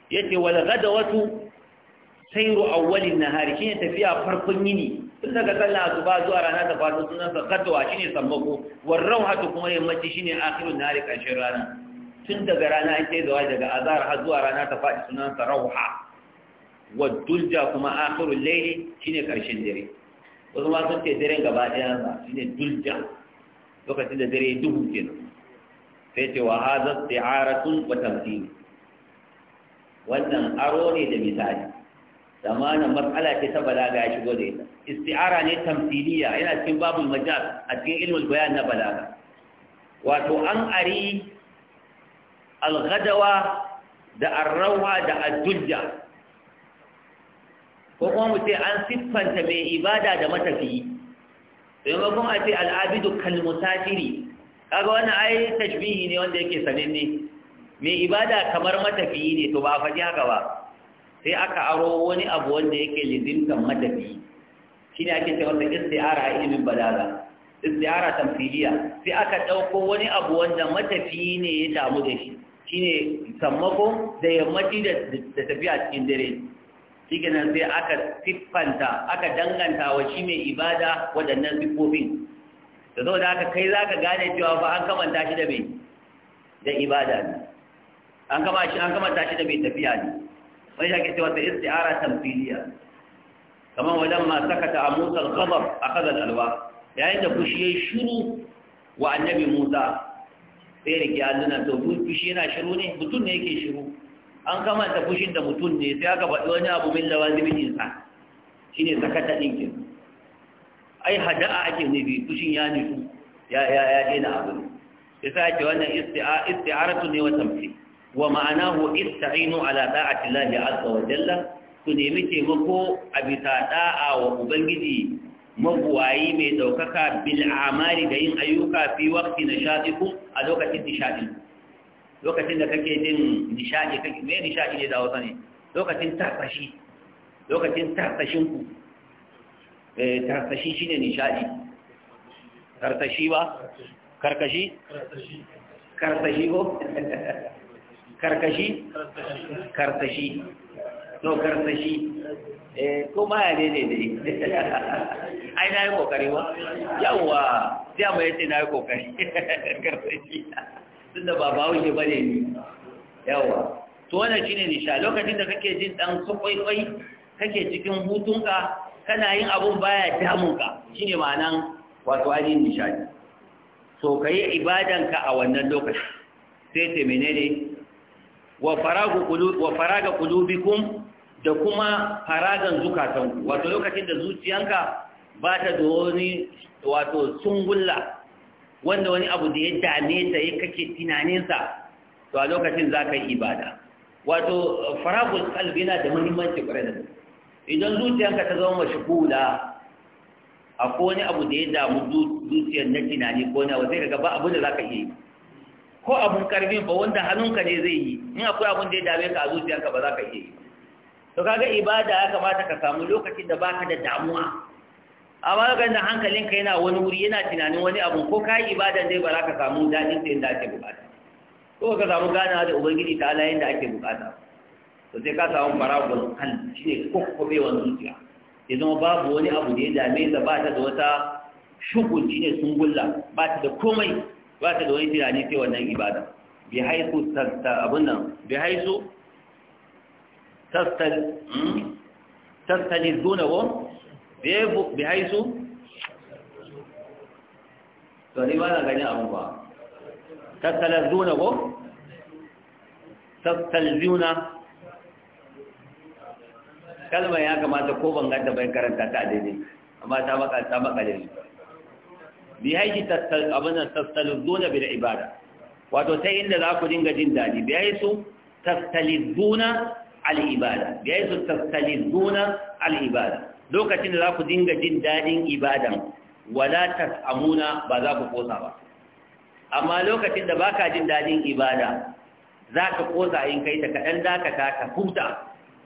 yace wal ghadawatu sayru awwalin nahari shine tafiya farkon yini tun daga sallah ba zuwa rana ta fado sunan sa ghadwa shine sammako warrau rawhatu kuma yammaci shine akhirun nahari karshen rana tun daga rana an zawa zuwa daga azhar har zuwa rana ta faɗi sunan sa wadulja kuma akhirul layli shine karshen dare wasu ma sun ce daren gaba ɗaya ba shine dulja lokacin da dare duhu kenan sai ce wa hadha isti'aratun wa tamthil wannan aro ne da misali zamanin mas'ala ce ta balaga ya shigo da ita isti'ara ne tamthiliya yana cikin babul majaz a cikin ilmul bayan na balaga wato an ari al-ghadawa da ar rawa da ad-dulja ko kuma mu ce an siffanta mai ibada da matafiyi maimakon a ce al'abidu kalmusafiri kaga wannan ai tashbihi ne wanda yake sananne mai ibada kamar matafiyi ne to ba a faɗi haka ba sai aka aro wani abu wanda yake lizimtan matafiyi shine ake ce da isti'ara a ilimin balaga isti'ara tamthiliya sai aka ɗauko wani abu wanda matafiyi ne ya damu da shi shine sammako da yammaci da tafiya cikin dare nan sai aka siffanta aka danganta wa shi mai ibada waɗannan siffofin da zo da aka kai za ka gane cewa ba an kamanta shi da mai da ibada ne an kama shi an kamanta shi da mai tafiya ne wani shakin cewa ta isti'ara tamfiliya kamar wajen ma sakata a musar gabar a kazan alba, yayin da fushi ya shiru wa annabi musa sai rike alluna to fushi yana shiru ne mutum ne yake shiru an ta fushin da mutum ne sai aka faɗi wani abu min lawazimin insa shine sakata din ɗinkin. ai hada'a ake nufi fushin ya nufi ya ya ya daina abu yasa ake wannan isti'a isti'aratu ne wa tamthil wa ma'anahu ista'inu ala da'ati Allah azza wa jalla ku nemi taimako a bisa da'a wa ubangiji mabuwayi mai ɗaukaka bil amali da yin ayyuka fi waqti nashatikum a lokacin nishadinku lokacin da kake jin nishaɗi, kake me nishaɗi ne da wasa ne lokacin tarsashi lokacin tarsashin ku eh tarsashi shine nishaɗi, tarsashi ba karkashi karkashi eh, ko karkashi karkashi to karkashi eh ma ya ne ne dai ai na yi kokari ba yawwa sai mu yace na yi kokari karkashi tunda ba ne bane ni yawa to wannan shine nisha lokacin da kake jin dan kwaikwai kake cikin hutunka kana yin abun baya damunka shine ma'anan wato ainihin nishadi so kayi ibadanka a wannan lokaci sai ta menene wa faragu qulub wa faraga qulubikum da kuma faragan zukatanku wato lokacin da zuciyanka ba ta da wani wato sungulla wanda wani abu da ya dame ta ya kake tunaninsa to a lokacin za ka yi ibada wato faragul kalbi yana da muhimmanci kwarai da idan zuciyanka ta zama mashigula ko wani abu da ya damu zuciyar na tunani ko na wata daga ba abu da za ka yi ko abun karfin ba wanda hannunka ne zai yi in akwai abun da ya dame ka a zuciyanka ba za ka yi to kaga ibada ya kamata ka samu lokacin da baka da damuwa a ga da hankalinka yana wani wuri yana tunanin wani abu ko kai ibadan dai ba za ka samu dadin sai yadda ake bukata ko ka samu ganawa da ubangiji ta ala yadda ake bukata to sai ka samu faragun kan shine wani zuciya ya zama babu wani abu da ya dame ta ba ta da wata shukun sun sungulla ba ta da komai ba ta da wani tunani sai wannan ibada bi haisu abun nan bi haisu hmm? tastal zuna wa bi haisu to ni ba na gani abin ba tattalazuna ko tattalazuna kalmar ya kamata ko ban ganta bai karanta ta daidai amma ta maka ta maka da bi haiki tattal abin nan tattaluzuna ibada wato sai inda za ku dinga jin dadi bi haisu tattalazuna al ibada bi haisu tattalazuna al ibada lokacin da za ku dinga jin daɗin ibadan wala amuna ba za ku kosa ba amma lokacin da baka jin daɗin ibada za ka kosa in kai ta kaɗan dakata ka huta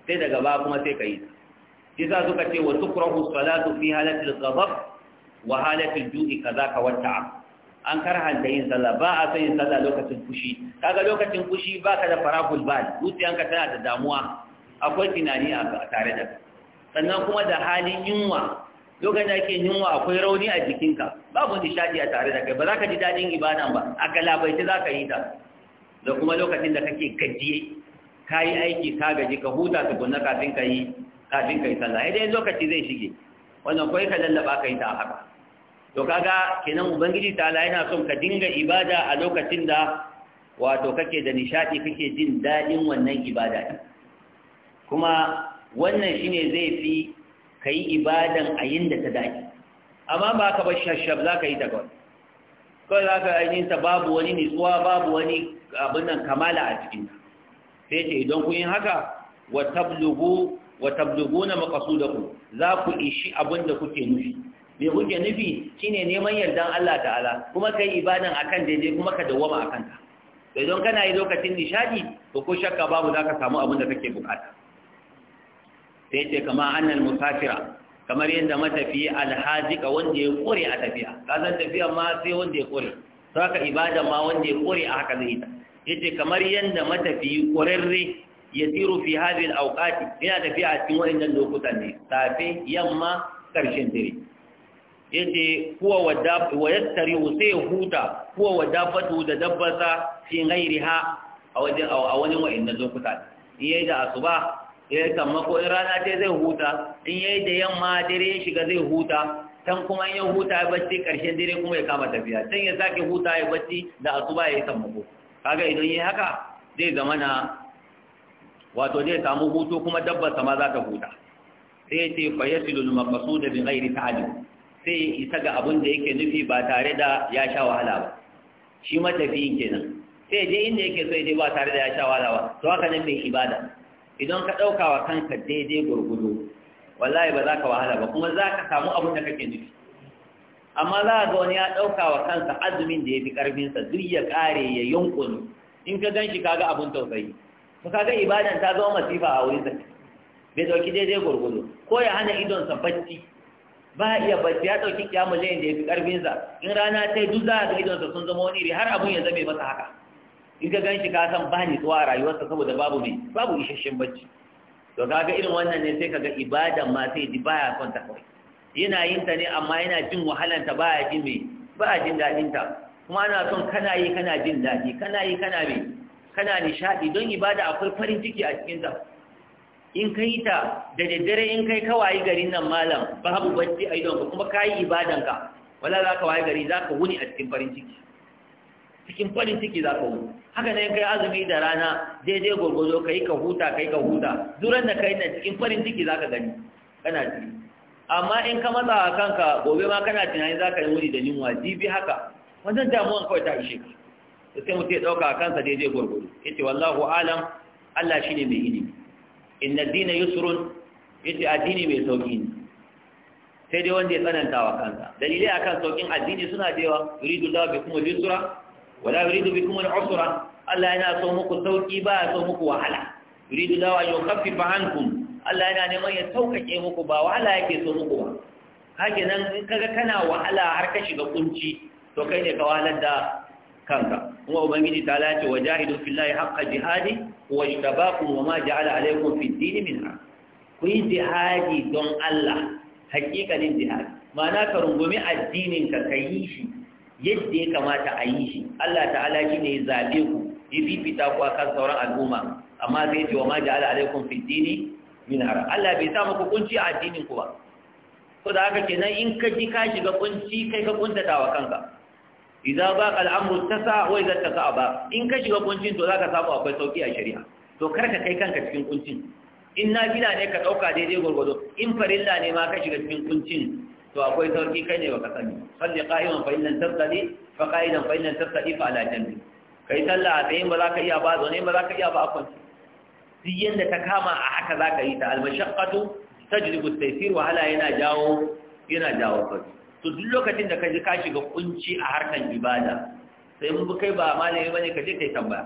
sai daga ba kuma sai ka yi ta suka ce wa tukrahu salatu fi halatil ghadab wa halatil ju'i za ka wata an karhanta yin sallah ba a son yin sallah lokacin fushi kaga lokacin fushi baka da farahul bal zuciyanka tana da damuwa akwai tunani a tare da ka sannan kuma da halin yunwa lokacin da ake yunwa akwai rauni a jikinka babu nishadi a tare da kai ba za ka ji daɗin ibada ba a galabaita za ka yi ta da kuma lokacin da kake gajiye ka yi aiki ka gaji ka huta gona kafin ka yi kafin ka yi sallah idan lokaci zai shige wannan kawai ka lallaba ka yi ta haka to kaga kenan ubangiji ta ala yana son ka dinga ibada a lokacin da wato kake da nishadi kake jin daɗin wannan ibada kuma wannan shine zai fi ka yi ibadan a yin da ta dace amma ba ka bar shashab za ka yi ta kawai kawai za ka ainihin ta babu wani nitsuwa babu wani abin nan kamala a cikin ta sai ce idan ku yi haka wa tablugu makasu da ku, za ku ishi abin da kuke nufi me kuke nufi shine neman yardan Allah ta'ala kuma kai ibadan akan daidai kuma ka dawwama akan idan kana yi lokacin nishadi to ko shakka babu za ka samu abin da kake bukata sai ce kama annal musafira kamar yadda matafiyi alhajika wanda ya kore a tafiya kasan tafiya ma sai wanda ya kore saka ibada ma wanda ya kore a haka zai ta yace kamar yadda matafiya korarre ya tiru fi hadhihi al-awqati yana tafiya a cikin waɗannan lokutan ne safe yamma ƙarshen dare yace kuwa wadda wa yattari sai huta kuwa wadafatu da dabbata fi ha a wajen a wani waɗannan lokutan yayi da asuba ya yi sammako in rana ce zai huta in yayi da yamma dare ya shiga zai huta can kuma in ya huta ya bacci ƙarshen dare kuma ya kama tafiya can ya sake huta ya bacci da asuba ya yi sammako kaga idan yi haka zai zama na wato zai samu hutu kuma dabbar sama za ta huta sai ya ce fa yasilul maqsuda bi ghairi ta'lim sai ya isa ga abin da yake nufi ba tare da ya sha wahala ba shi matafiyin kenan sai je inda yake so ya je ba tare da ya sha wahala ba to haka nan mai ibada idan ka ɗauka wa kanka daidai gurgudu wallahi ba za ka wahala ba kuma za ka samu abin da kake nufi amma za ga wani ya ɗauka wa kansa azumin da ya fi ƙarfinsa duk ya ƙare ya yunƙuru. in ka gan shi ka ga abin tausayi to ka ga ibadan ta zama masifa a wurin zaki bai ɗauki daidai gurgudu ko ya hana idonsa bacci ba iya bacci ya ɗauki kyamun layin da ya fi ƙarfinsa in rana ta yi duk za a ga idonsa sun zama wani iri har abin ya zame masa haka in ka gan shi ka san ba ni tsawa rayuwarsa saboda babu mai babu isasshen bacci to kaga irin wannan ne sai kaga ibadan ma sai ji baya son ta kawai yana yin ta ne amma yana jin wahalanta baya jin mai baya jin daɗin ta kuma ana son kana yi kana jin daɗi kana yi kana mai kana nishaɗi don ibada akwai farin ciki a cikin ta in ka yi ta da daddare in kai kawai garin nan malam babu bacci a idonka kuma ka yi ibadan ka. wala za ka wayi gari za ka wuni a cikin farin ciki cikin farin ciki za ka wuce haka ne kai azumi da rana daidai gwagwazo ka yi ka huta ka yi ka huta duran da kai na cikin farin ciki za ka gani kana ji amma in ka matsa a kanka gobe ma kana tunanin za ka yi wuri da yunwa jibi haka wannan damuwan kawai ta ishe ka da sai mutum ya ɗauka a kansa daidai gwagwazo ya ce wallahu alam allah shi ne mai ilimi inna dina yusrun ya ce addini mai sauƙi ne sai dai wanda ya tsananta wa kansa dalilai akan sauƙin addini suna da yawa yuridu lahu bai kuma yusra wala yuridu bikum al-usra Allah yana so muku sauki ba ya so muku wahala yuridu lawa yukhaffifa ankum Allah yana neman ya saukake muku ba wahala yake so muku ba haka nan in kaga kana wahala har ka shiga kunci to kai ne ka wahalar da kanka kuma ubangiji ta lace wa jahidu fillahi haqqa jihadi wa ishtabakum wa ma ja'ala alaykum fi ha ku jihadi don Allah hakikalin jihadi ma'ana ka rungumi addinin ka yi shi yadda ya kamata a yi shi Allah ta'ala shi ne zaɓe ku ya fifita ku a kan sauran al'umma amma zai ce wa ma ja'ala alaikum fi dini min har Allah bai sa ku kunci a addinin ku ba ko da haka kenan in ka ji ka shiga kunci kai ka kuntata wa kanka idza baqa al'amru tasa wa idza tasa ba in ka shiga kunci to zaka samu akwai sauki a shari'a to kar ka kai kanka cikin kuncin in na gina ne ka dauka daidai gurgudu in farilla ne ma ka shiga cikin kuncin to akwai sauki kai ne baka sani salli qa'iman fa illan tartadi fa qa'idan fa illan tartadi fa ala jambi kai sallah a tsayin ba za ka iya ba zaune ba za ka iya ba akon. duk yanda ta kama a haka za ka yi ta almashaqqatu tajlibu at-taysir wahala yana jawo yana jawo sauki to duk lokacin da ka ji ka shiga kunci a harkan ibada sai mun kai ba malami bane ka je kai tambaya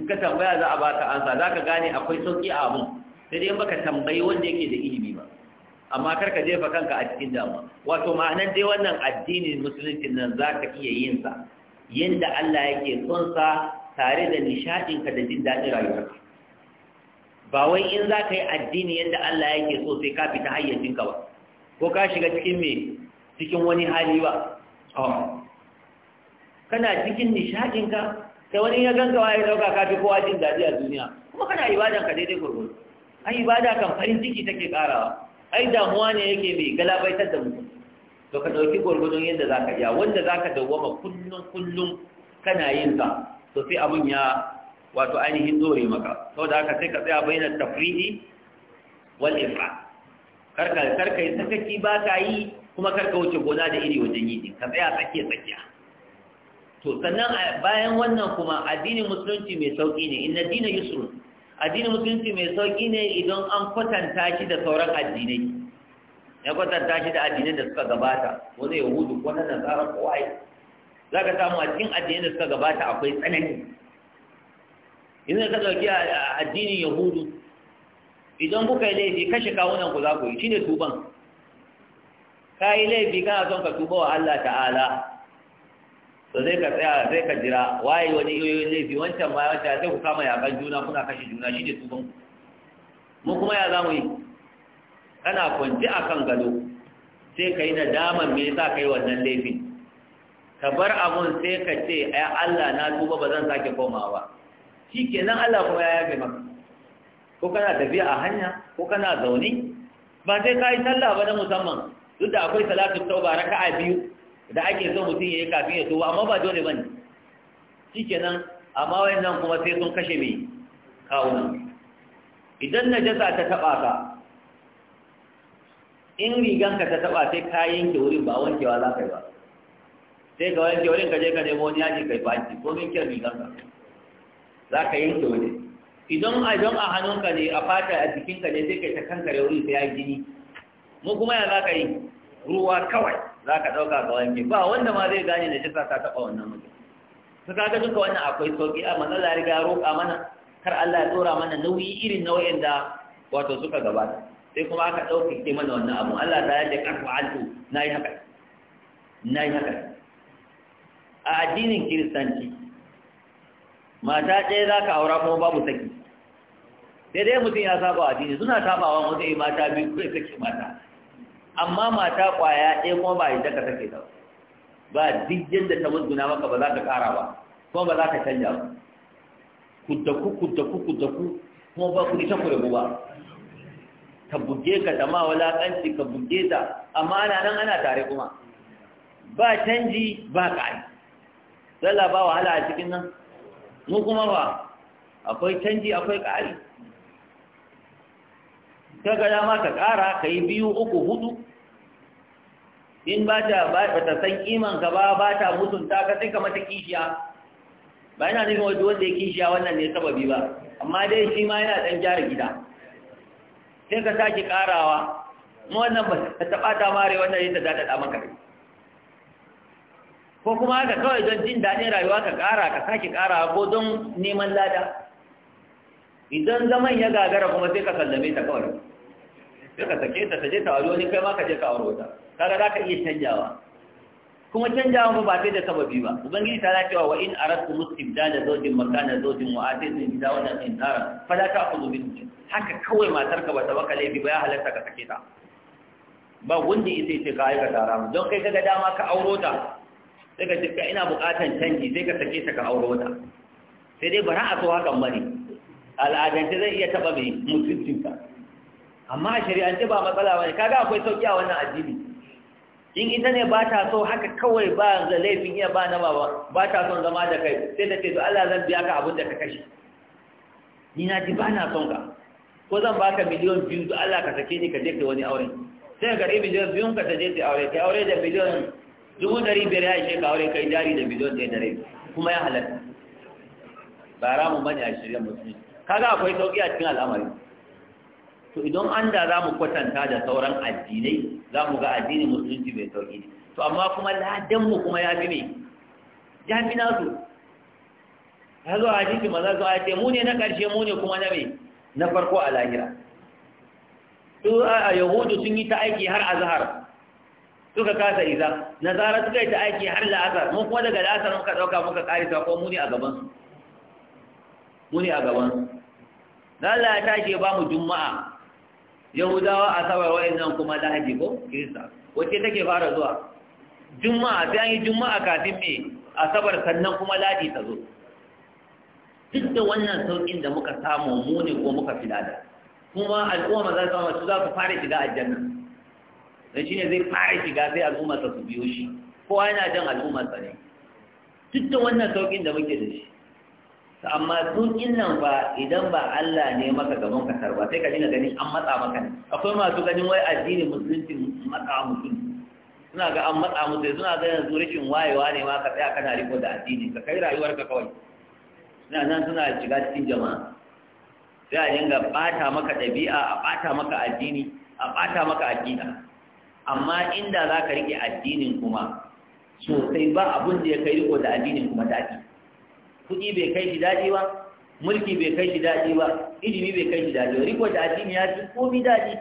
in ka tambaya za a baka ansa za ka gane akwai sauki a abun sai dai baka tambayi wanda yake da ilimi amma kar ka jefa kanka a cikin damuwa wato ma'anar dai wannan addinin musulunci nan za ka iya yin sa yadda Allah yake son sa tare da ka da jin daɗin rayuwarka ba wai in za ka yi addini yadda Allah yake so sai ka fita hayyacinka ba ko ka shiga cikin me cikin wani hali ba oh. kana cikin ka sai wani ya ganka wa ya dauka kafi kowa jin daɗi a duniya kuma kana ibadan ka daidai gurgur an ibada kan farin ciki take karawa ai damuwa ne yake mai galabaitar da mutum to ka ɗauki gwargwadon yadda za ka iya wanda za ka dawwama kullum kullum kana yin sa to sai abin ya wato ainihin dore maka sau da haka sai ka tsaya bayan tafrihi wal ifra karka karka yi sakaki ba ka yi kuma karka wuce gona da iri wajen yi ka tsaya tsakiya tsakiya to sannan bayan wannan kuma addinin musulunci mai sauƙi ne inna dina yusrun addinin musulunci mai sauƙi ne idan an kwatanta shi da sauran addinai ya kwatanta shi da addinai da suka gabata wani yahudu ko na nasara ko waye za ka samu a cikin addinai da suka gabata akwai tsanani idan ka ɗauki addinin yahudu idan kuka yi laifi kashe kawunan ku za ku yi shi ne tuban ka yi laifi kana son ka tuba wa Allah ta'ala to zai ka tsaya zai ka jira waye wani iyoyin laifi wancan ma wancan sai ku kama yakan juna kuna kashe juna shi ne tuban mu kuma ya zamu yi kana kwanci kan gado sai ka yi nadaman me yasa kai wannan laifin ka bar abun sai ka ce ai Allah na tuba ba zan sake komawa Shi kenan Allah kuma ya yafe maka ko kana tafiya a hanya ko kana zaune ba sai ka yi sallah ba na musamman duk da akwai salatu tauba raka'a biyu da ake so mutum ya yi kafin ya tuba amma ba dole ba ne. bane nan, amma wayannan kuma sai sun kashe mai kawunan idan na jasa ta taba ka in riganka ta taba sai ka yanke wurin ba wankewa za ka yi ba sai ka wanke wurin ka je ka nemo wani yaji kai faci ko min kyan riganka za ka yanke wurin idan a don a hannunka ne a fata a jikinka ne sai kai ta kankare wurin sai ya yi jini mu kuma ya za ka yi ruwa kawai za ka ɗauka ka wanke ba wanda ma zai gane da sa ta taɓa wannan mutum su kaga duka wannan akwai sauƙi a manzan da riga roƙa mana kar Allah ya tsora mana nauyi irin nau'in da wato suka gabata sai kuma aka ɗauka ke mana wannan abu Allah ta yace karfa altu na yi haka na yi haka a addinin kiristanci mata ɗaya za ka aura kuma babu saki sai dai mutum ya saba addini suna sabawa wata mata biyu kai saki mata amma mata kwaya ɗaya kuma ba yadda ka take ta ba duk yadda ta wuzguna maka ba za ka ƙara ba kuma ba za ka canja ba Ku ku ku da ku kuma ba ku ita ku rabu ba ka buge ka ta ma walaƙanci ka buge ta amma ana nan ana tare kuma ba canji ba ƙari sallah ba wahala a cikin nan mu kuma ba akwai canji akwai ƙari ka ga dama ka ƙara ka yi biyu uku hudu in ba ta ba ta san kiman ka ba ba ta mutunta ka sai ka mata kishiya ba yana nufin wajen wanda ya kishiya wannan ne sababi ba amma dai shi ma yana ɗan gyara gida sai ka sake ƙarawa mu wannan ba ta taɓa ta mare wannan ne ta ta ɗa maka ko kuma haka kawai don jin daɗin rayuwa ka ƙara ka sake ƙarawa ko don neman lada idan zaman ya gagara kuma sai ka sallame ta kawai sai ka sake ta je ta aure wani kai ma ka je ka aure wata. kaga za ka iya canjawa kuma canjawa ba sai da sababi ba ubangiji ta lafi wa in aradtu da gida makana zawjin wa Fa bidawana intara fala ta'khudhu bi haka kawai matar ka ba ta baka laifi ba ya halarta ka sake ta ba wanda ita ce ka tara mu don kai kaga dama ka auro ta sai ka ce ina buƙatan canji sai ka sake ta ka auro ta sai dai bara a so hakan bane al'adance zai iya taɓa mai mutuncinka amma a shari'ance ba matsala bane kaga akwai sauki a wannan addini in ita ne ba ta so haka kawai ba da laifin iya ba na baba ba ta son zama da kai sai ta ce to Allah zan biya ka abin da ka kashe ni na ji ba na son ka ko zan baka miliyon biyu to Allah ka sake ni ka je ka wani aure sai ka ɗaya miliyon biyu ka ta je aure kai aure da miliyon dubu ɗari biyar ya ishe ka aure kai jari da miliyon ɗaya da rai kuma ya halatta ba ramun bane a shirya musulmi kaga akwai sauki a cikin al'amari to idan an da za mu kwatanta da sauran addinai za mu ga addinin musulunci mai sauƙi ne to amma kuma mu kuma ya fi ne ya fi nasu ya zo a hadisi maza su a ce mu ne na ƙarshe mu ne kuma na mai na farko a lahira su a yahudu sun yi ta aiki har azhar suka kasa iza nazara suka yi ta aiki har la'asar mun kuma daga la'asar muka ɗauka muka ƙarisa ko mu ne a gaban? mu ne a gabansu Allah ya tashi ba mu juma'a yahudawa asabar wa'annan kuma lahadi ko kirista wace take fara zuwa juma'a sai an yi juma'a kafin me asabar sannan kuma lahadi ta zo duk da wannan sauƙin da muka samu mu ne ko muka fi lada kuma al'umma za su masu za su fara shiga aljanna shi ne zai fara shiga sai al'umma ta su biyo shi kowa yana jan al'umma sa ne duk da wannan sauƙin da muke da shi amma tun innan ba idan ba Allah ne maka gaban ka ba sai ka dinga ganin an matsa maka ne akwai masu ganin wai addini musulunci matsa musu suna ga an matsa musu suna ga yanzu rashin wayewa ne ma ka tsaya kana riko da addini ka kai rayuwarka kawai suna nan suna shiga cikin jama'a sai a dinga ɓata maka ɗabi'a a ɓata maka addini a ɓata maka aƙida amma inda za ka riƙe addinin kuma sosai ba abin da ya kai riko da addinin kuma daɗi kuɗi bai kai shi daɗi ba mulki bai kai shi daɗi ba ilimi bai kai shi daɗi ba riko da addini ya ci komi daɗi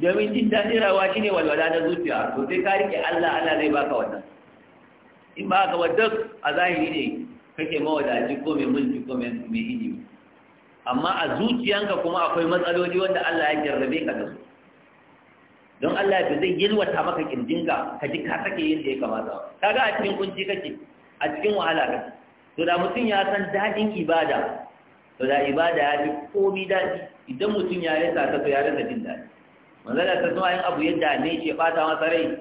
domin jin daɗin rawa shi ne walwala na zuciya to sai ka riƙe allah allah zai baka wannan in ba ka wadda a zahiri ne kake mawadaci ko mai mulki ko mai ilimi amma a zuciyanka kuma akwai matsaloli wanda allah ya jarrabe ka da su don Allah ya zai yalwata maka kirjinka ka ji ka sake yin da ya kamata kaga a cikin kunci kake a cikin wahala kake to da mutum ya san daɗin ibada to da ibada ya fi komi daɗi idan mutum ya yi sa to ya rasa jin daɗi manzala ta zuwa yin abu yadda ne ke ɓata masa rai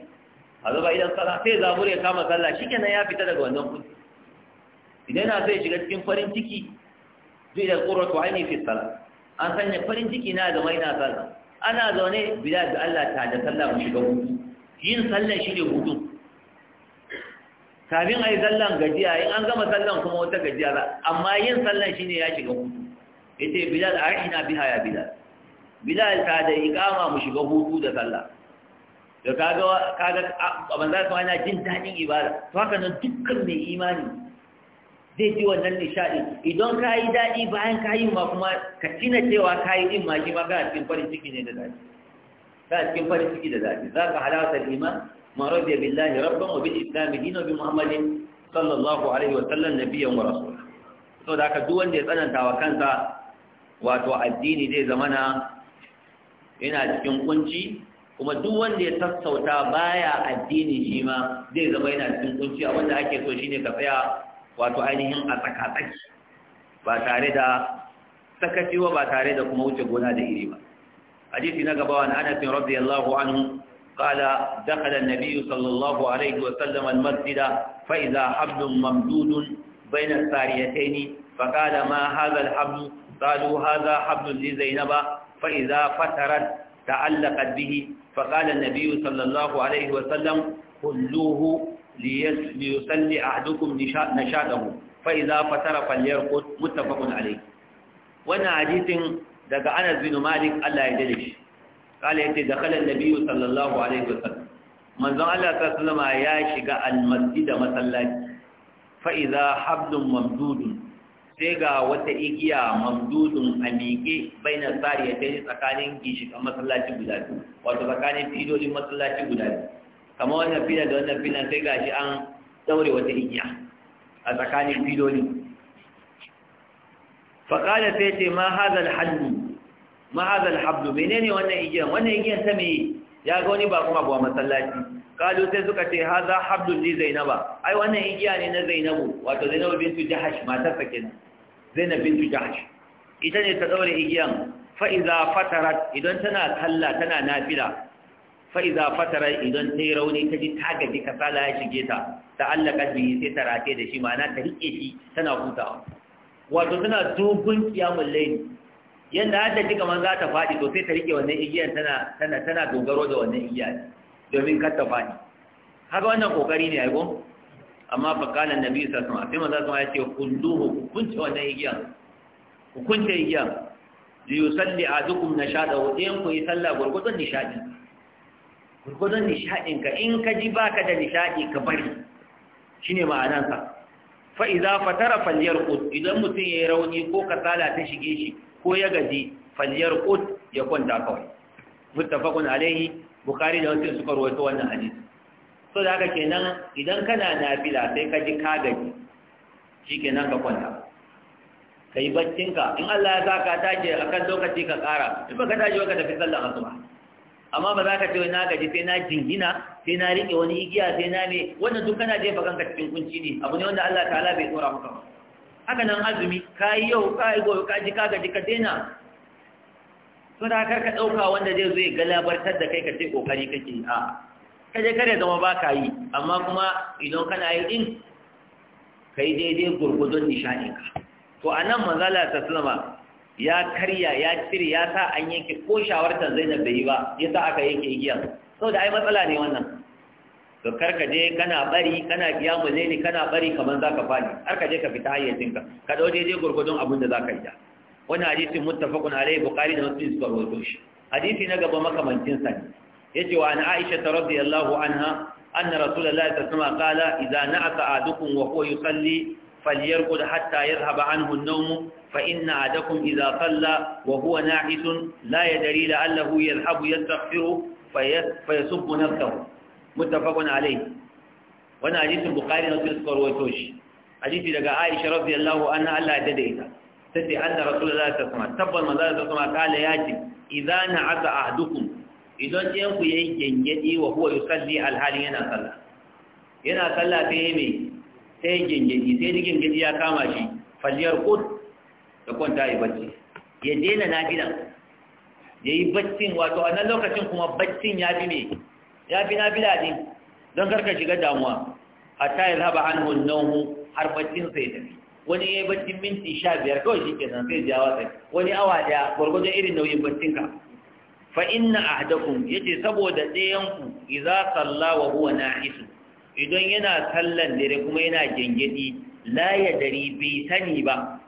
a zuba idan sallah sai zabure ya kama sallah shi kenan ya fita daga wannan kudi idan na so ya shiga cikin farin ciki zai da ƙuratu aini fi sallah an sanya farin ciki na zama ina sallah ana zaune bila da Allah ta da sallah mu shiga hutu yin sallah shi ne hutun kafin a yi sallan gajiya in an gama sallan kuma wata gajiya ba amma yin sallan shine ya shiga hutu yace bilal a ina biha ya bilal bilal ta da iqama mu shiga hutu da sallah da kaga kaga manzo kuma yana jin dadin ibada to haka nan dukkan mai imani zai ji wannan nishadi idan ka yi dadi bayan ka yi ma kuma ka tina cewa ka yi din ma shi ma ga cikin farin ciki ne da dadi ga cikin farin ciki da dadi za ka halawata iman ma radiya billahi rabban wa bil islam dinan bi muhammadin sallallahu alaihi wa na biyan wa rasula to da haka duk wanda ya tsananta wa kansa wato addini zai zamana yana cikin kunci kuma duk wanda ya sassauta baya addini shi ma zai zama yana cikin kunci a wanda ake so shi ne ka tsaya wato ainihin a tsakatsaki ba tare da sakaci ba tare da kuma wuce gona da iri ba hadisi na gaba wani ana fin rabbi Allahu anhu قال دخل النبي صلى الله عليه وسلم المسجد فإذا حبل ممدود بين الساريتين فقال ما هذا الحبل قالوا هذا حبل لزينب فإذا فترت تعلقت به فقال النبي صلى الله عليه وسلم كلوه ليصلي أحدكم نشاده فإذا فتر فليرقد متفق عليه وانا حديث daga Anas bin Malik Allah ya dade shi kala yace dakhala nabiyyu sallallahu alaihi wasallam manzon Allah sallallahu alaihi ya shiga al-masjid masallaci fa idha hablum mamdudun sai ga wata igiya mamdudun a miƙe bai na tsari ya tafi tsakanin gishikan masallaci guda biyu wato tsakanin filolin masallaci guda biyu kama wannan fina da wannan fina, sai ga shi an daure wata igiya a tsakanin filolin faƙada sai ce ma hazal hannu ma'azal hablu menene wannan igiyan wannan igiyan ta me ya ga wani ba kuma ba masallaci kalu sai suka ce haza hablu li zainaba ai wannan igiya ne na zainabu wato zainabu bintu jahash matar sa kenan zainab bintu jahash ita ne ta daure igiyan fa iza fatarat idan tana talla tana nafila fa iza fatarat idan ta yi rauni ta ji ta gaji kasala ya shige ta ta allaka bihi sai ta rataye da shi ma'ana ta riƙe shi tana hutawa wato tana dogon kiyamul laini yanda hadda ji kamar za ta faɗi to sai ta riƙe wannan igiyar tana dogaro da wannan igiya domin kar ta faɗi haka wannan ƙoƙari ne aiko amma fa kana annabi sai alaihi za su ma ya ce kulluhu kunce wannan igiyar ku kunce igiyar a yusalli ahadukum nashadahu in ku yi sallah gurgudun nishaɗi gurgudun nishadin ka in ka ji baka da nishaɗi ka bari shine ma'anansa fa idza fatara falyarqud idan ya yi rauni ko kasala ta shige shi ko ya gaji faliyar qut ya kwanta kawai mutafakun alaihi bukari da wasu suka ruwaito wannan hadis so da haka kenan idan kana nafila sai ka ji ka gaji kenan ka kwanta baccin baccinka in Allah ya saka tashi kan lokaci ka ƙara in baka tashi ka tafi sallan asuba amma ba za ka ce na gaji sai na jingina sai na riƙe wani igiya sai na ne wannan duk kana jefa kanka cikin kunci ne abu ne wanda Allah ta'ala bai tsora maka ba haka nan azumi ka yi yau ka yi goyo ka ji ka gaji ka daina sun da kar ka ɗauka wanda zai zo ya galabartar da kai ka ce ƙoƙari kake a je kare zama ba ka yi amma kuma idan kana yi ɗin ka yi daidai gurgudun ka to a nan manzala ta sulama ya karya ya cire ya sa an yanke ko shawartar zainab bai yi ba ya sa aka yanke igiyan saboda ai matsala ne wannan to karka je kana bari kana biya mu kana bari kaman zaka fadi har ka je ka fita hayyacin ka ka dau daidai gurgudun abin da zaka yi wannan hadisin muttafaqun alayhi bukhari da muslim suka rawaito shi hadisi na gaba makamancin sa ne yace wa an aisha radhiyallahu anha anna rasulullahi sallallahu alaihi wasallam qala idza na'asa adukum wa huwa yusalli فليرقد حتى يذهب عنه النوم فإن عدكم salla صلى وهو ناعس la يدري لعله يذهب يستغفر فيسب نفسه muttafaqun alayhi wannan hadisin bukhari na sun suka rawaito shi hadisi daga aisha radiyallahu anha Allah ya dade ita tace anna rasulullahi sallallahu alaihi wasallam tabbal manzo sallallahu alaihi wasallam kala yaji idza na'ata ahdukum idan ɗayan ku yayi gengedi wa huwa yusalli alhalin yana sallah yana sallah sai me sai gengedi sai gengedi ya kama shi falliyar qut da kwanta yi bacci ya baccin wato a nan lokacin kuma baccin ya ya fi nafila ne don karka shiga damuwa A hatta ya zaba an hunnahu har baccin sai tafi wani ya yi baccin minti sha biyar kawai shi kenan sai ji hawa sai wani awa daya gwargwajon irin nauyin baccin ka fa inna ahdakum yace saboda ɗayan ku Iza salla wa huwa na'is idan yana sallan dare kuma yana gengedi la ya dari bai sani ba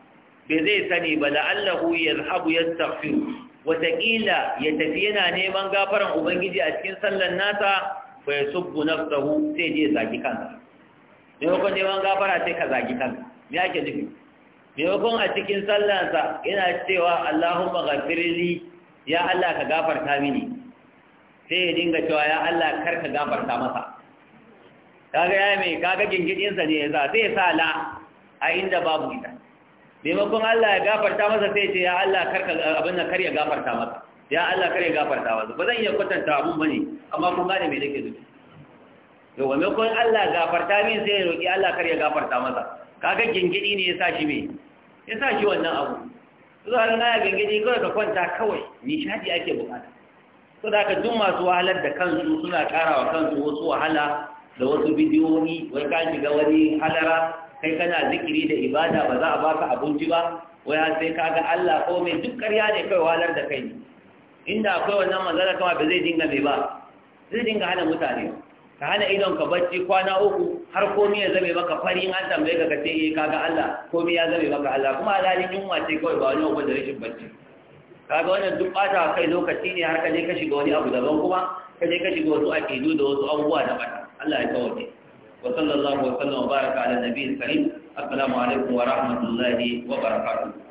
bai zai sani ba la'allahu yazhabu yastaghfiru watakila ya tafi yana neman gafaran ubangiji a cikin sallan nasa fa yasubbu nafsahu sai je zagi kansa maimakon neman gafara sai ka zagi kansa me ake nufi maimakon a cikin sallansa yana cewa Allahumma ghafirli ya Allah ka gafarta mini sai ya dinga cewa ya Allah kar ka gafarta masa kaga ya mai kaga gingidinsa ne ya sa sai ya sa la a inda babu ita maimakon Allah ya gafarta masa sai ce ya Allah karka abin nan kar ya gafarta masa ya Allah kar ya gafarta masa ba zan iya kwatanta abun bane amma kun gane me nake nufi to wa maimakon Allah gafarta min sai ya roki Allah kar ya gafarta masa kaga gingidi ne ya sa shi me ya sa shi wannan abu zuwa na ya gingidi kawai ka kwanta kawai nishadi ake bukata to da ka dun masu wahalar da kansu suna karawa kansu wasu wahala da wasu bidiyoyi wai ka shiga wani halara kai kana zikiri da ibada ba za a baka abinci ba waya sai ka ga Allah ko mai duk ƙarya ne kai walar da kai inda akwai wannan manzara kama ba zai dinga mai ba zai dinga hana mutane ka hana idon ka bacci kwana uku har komai ya zame maka fari an tambaye ka kace eh kaga Allah komai ya zame maka Allah kuma alalin yunwa ce kawai ba wani abu da rashin bacci kaga wannan duk bata kai lokaci ne har ka je ka shiga wani abu daban kuma ka je ka shiga wasu akidu da wasu abubuwa daban Allah ya kawo وصلى الله وسلم وبارك على النبي الكريم السلام عليكم ورحمة الله وبركاته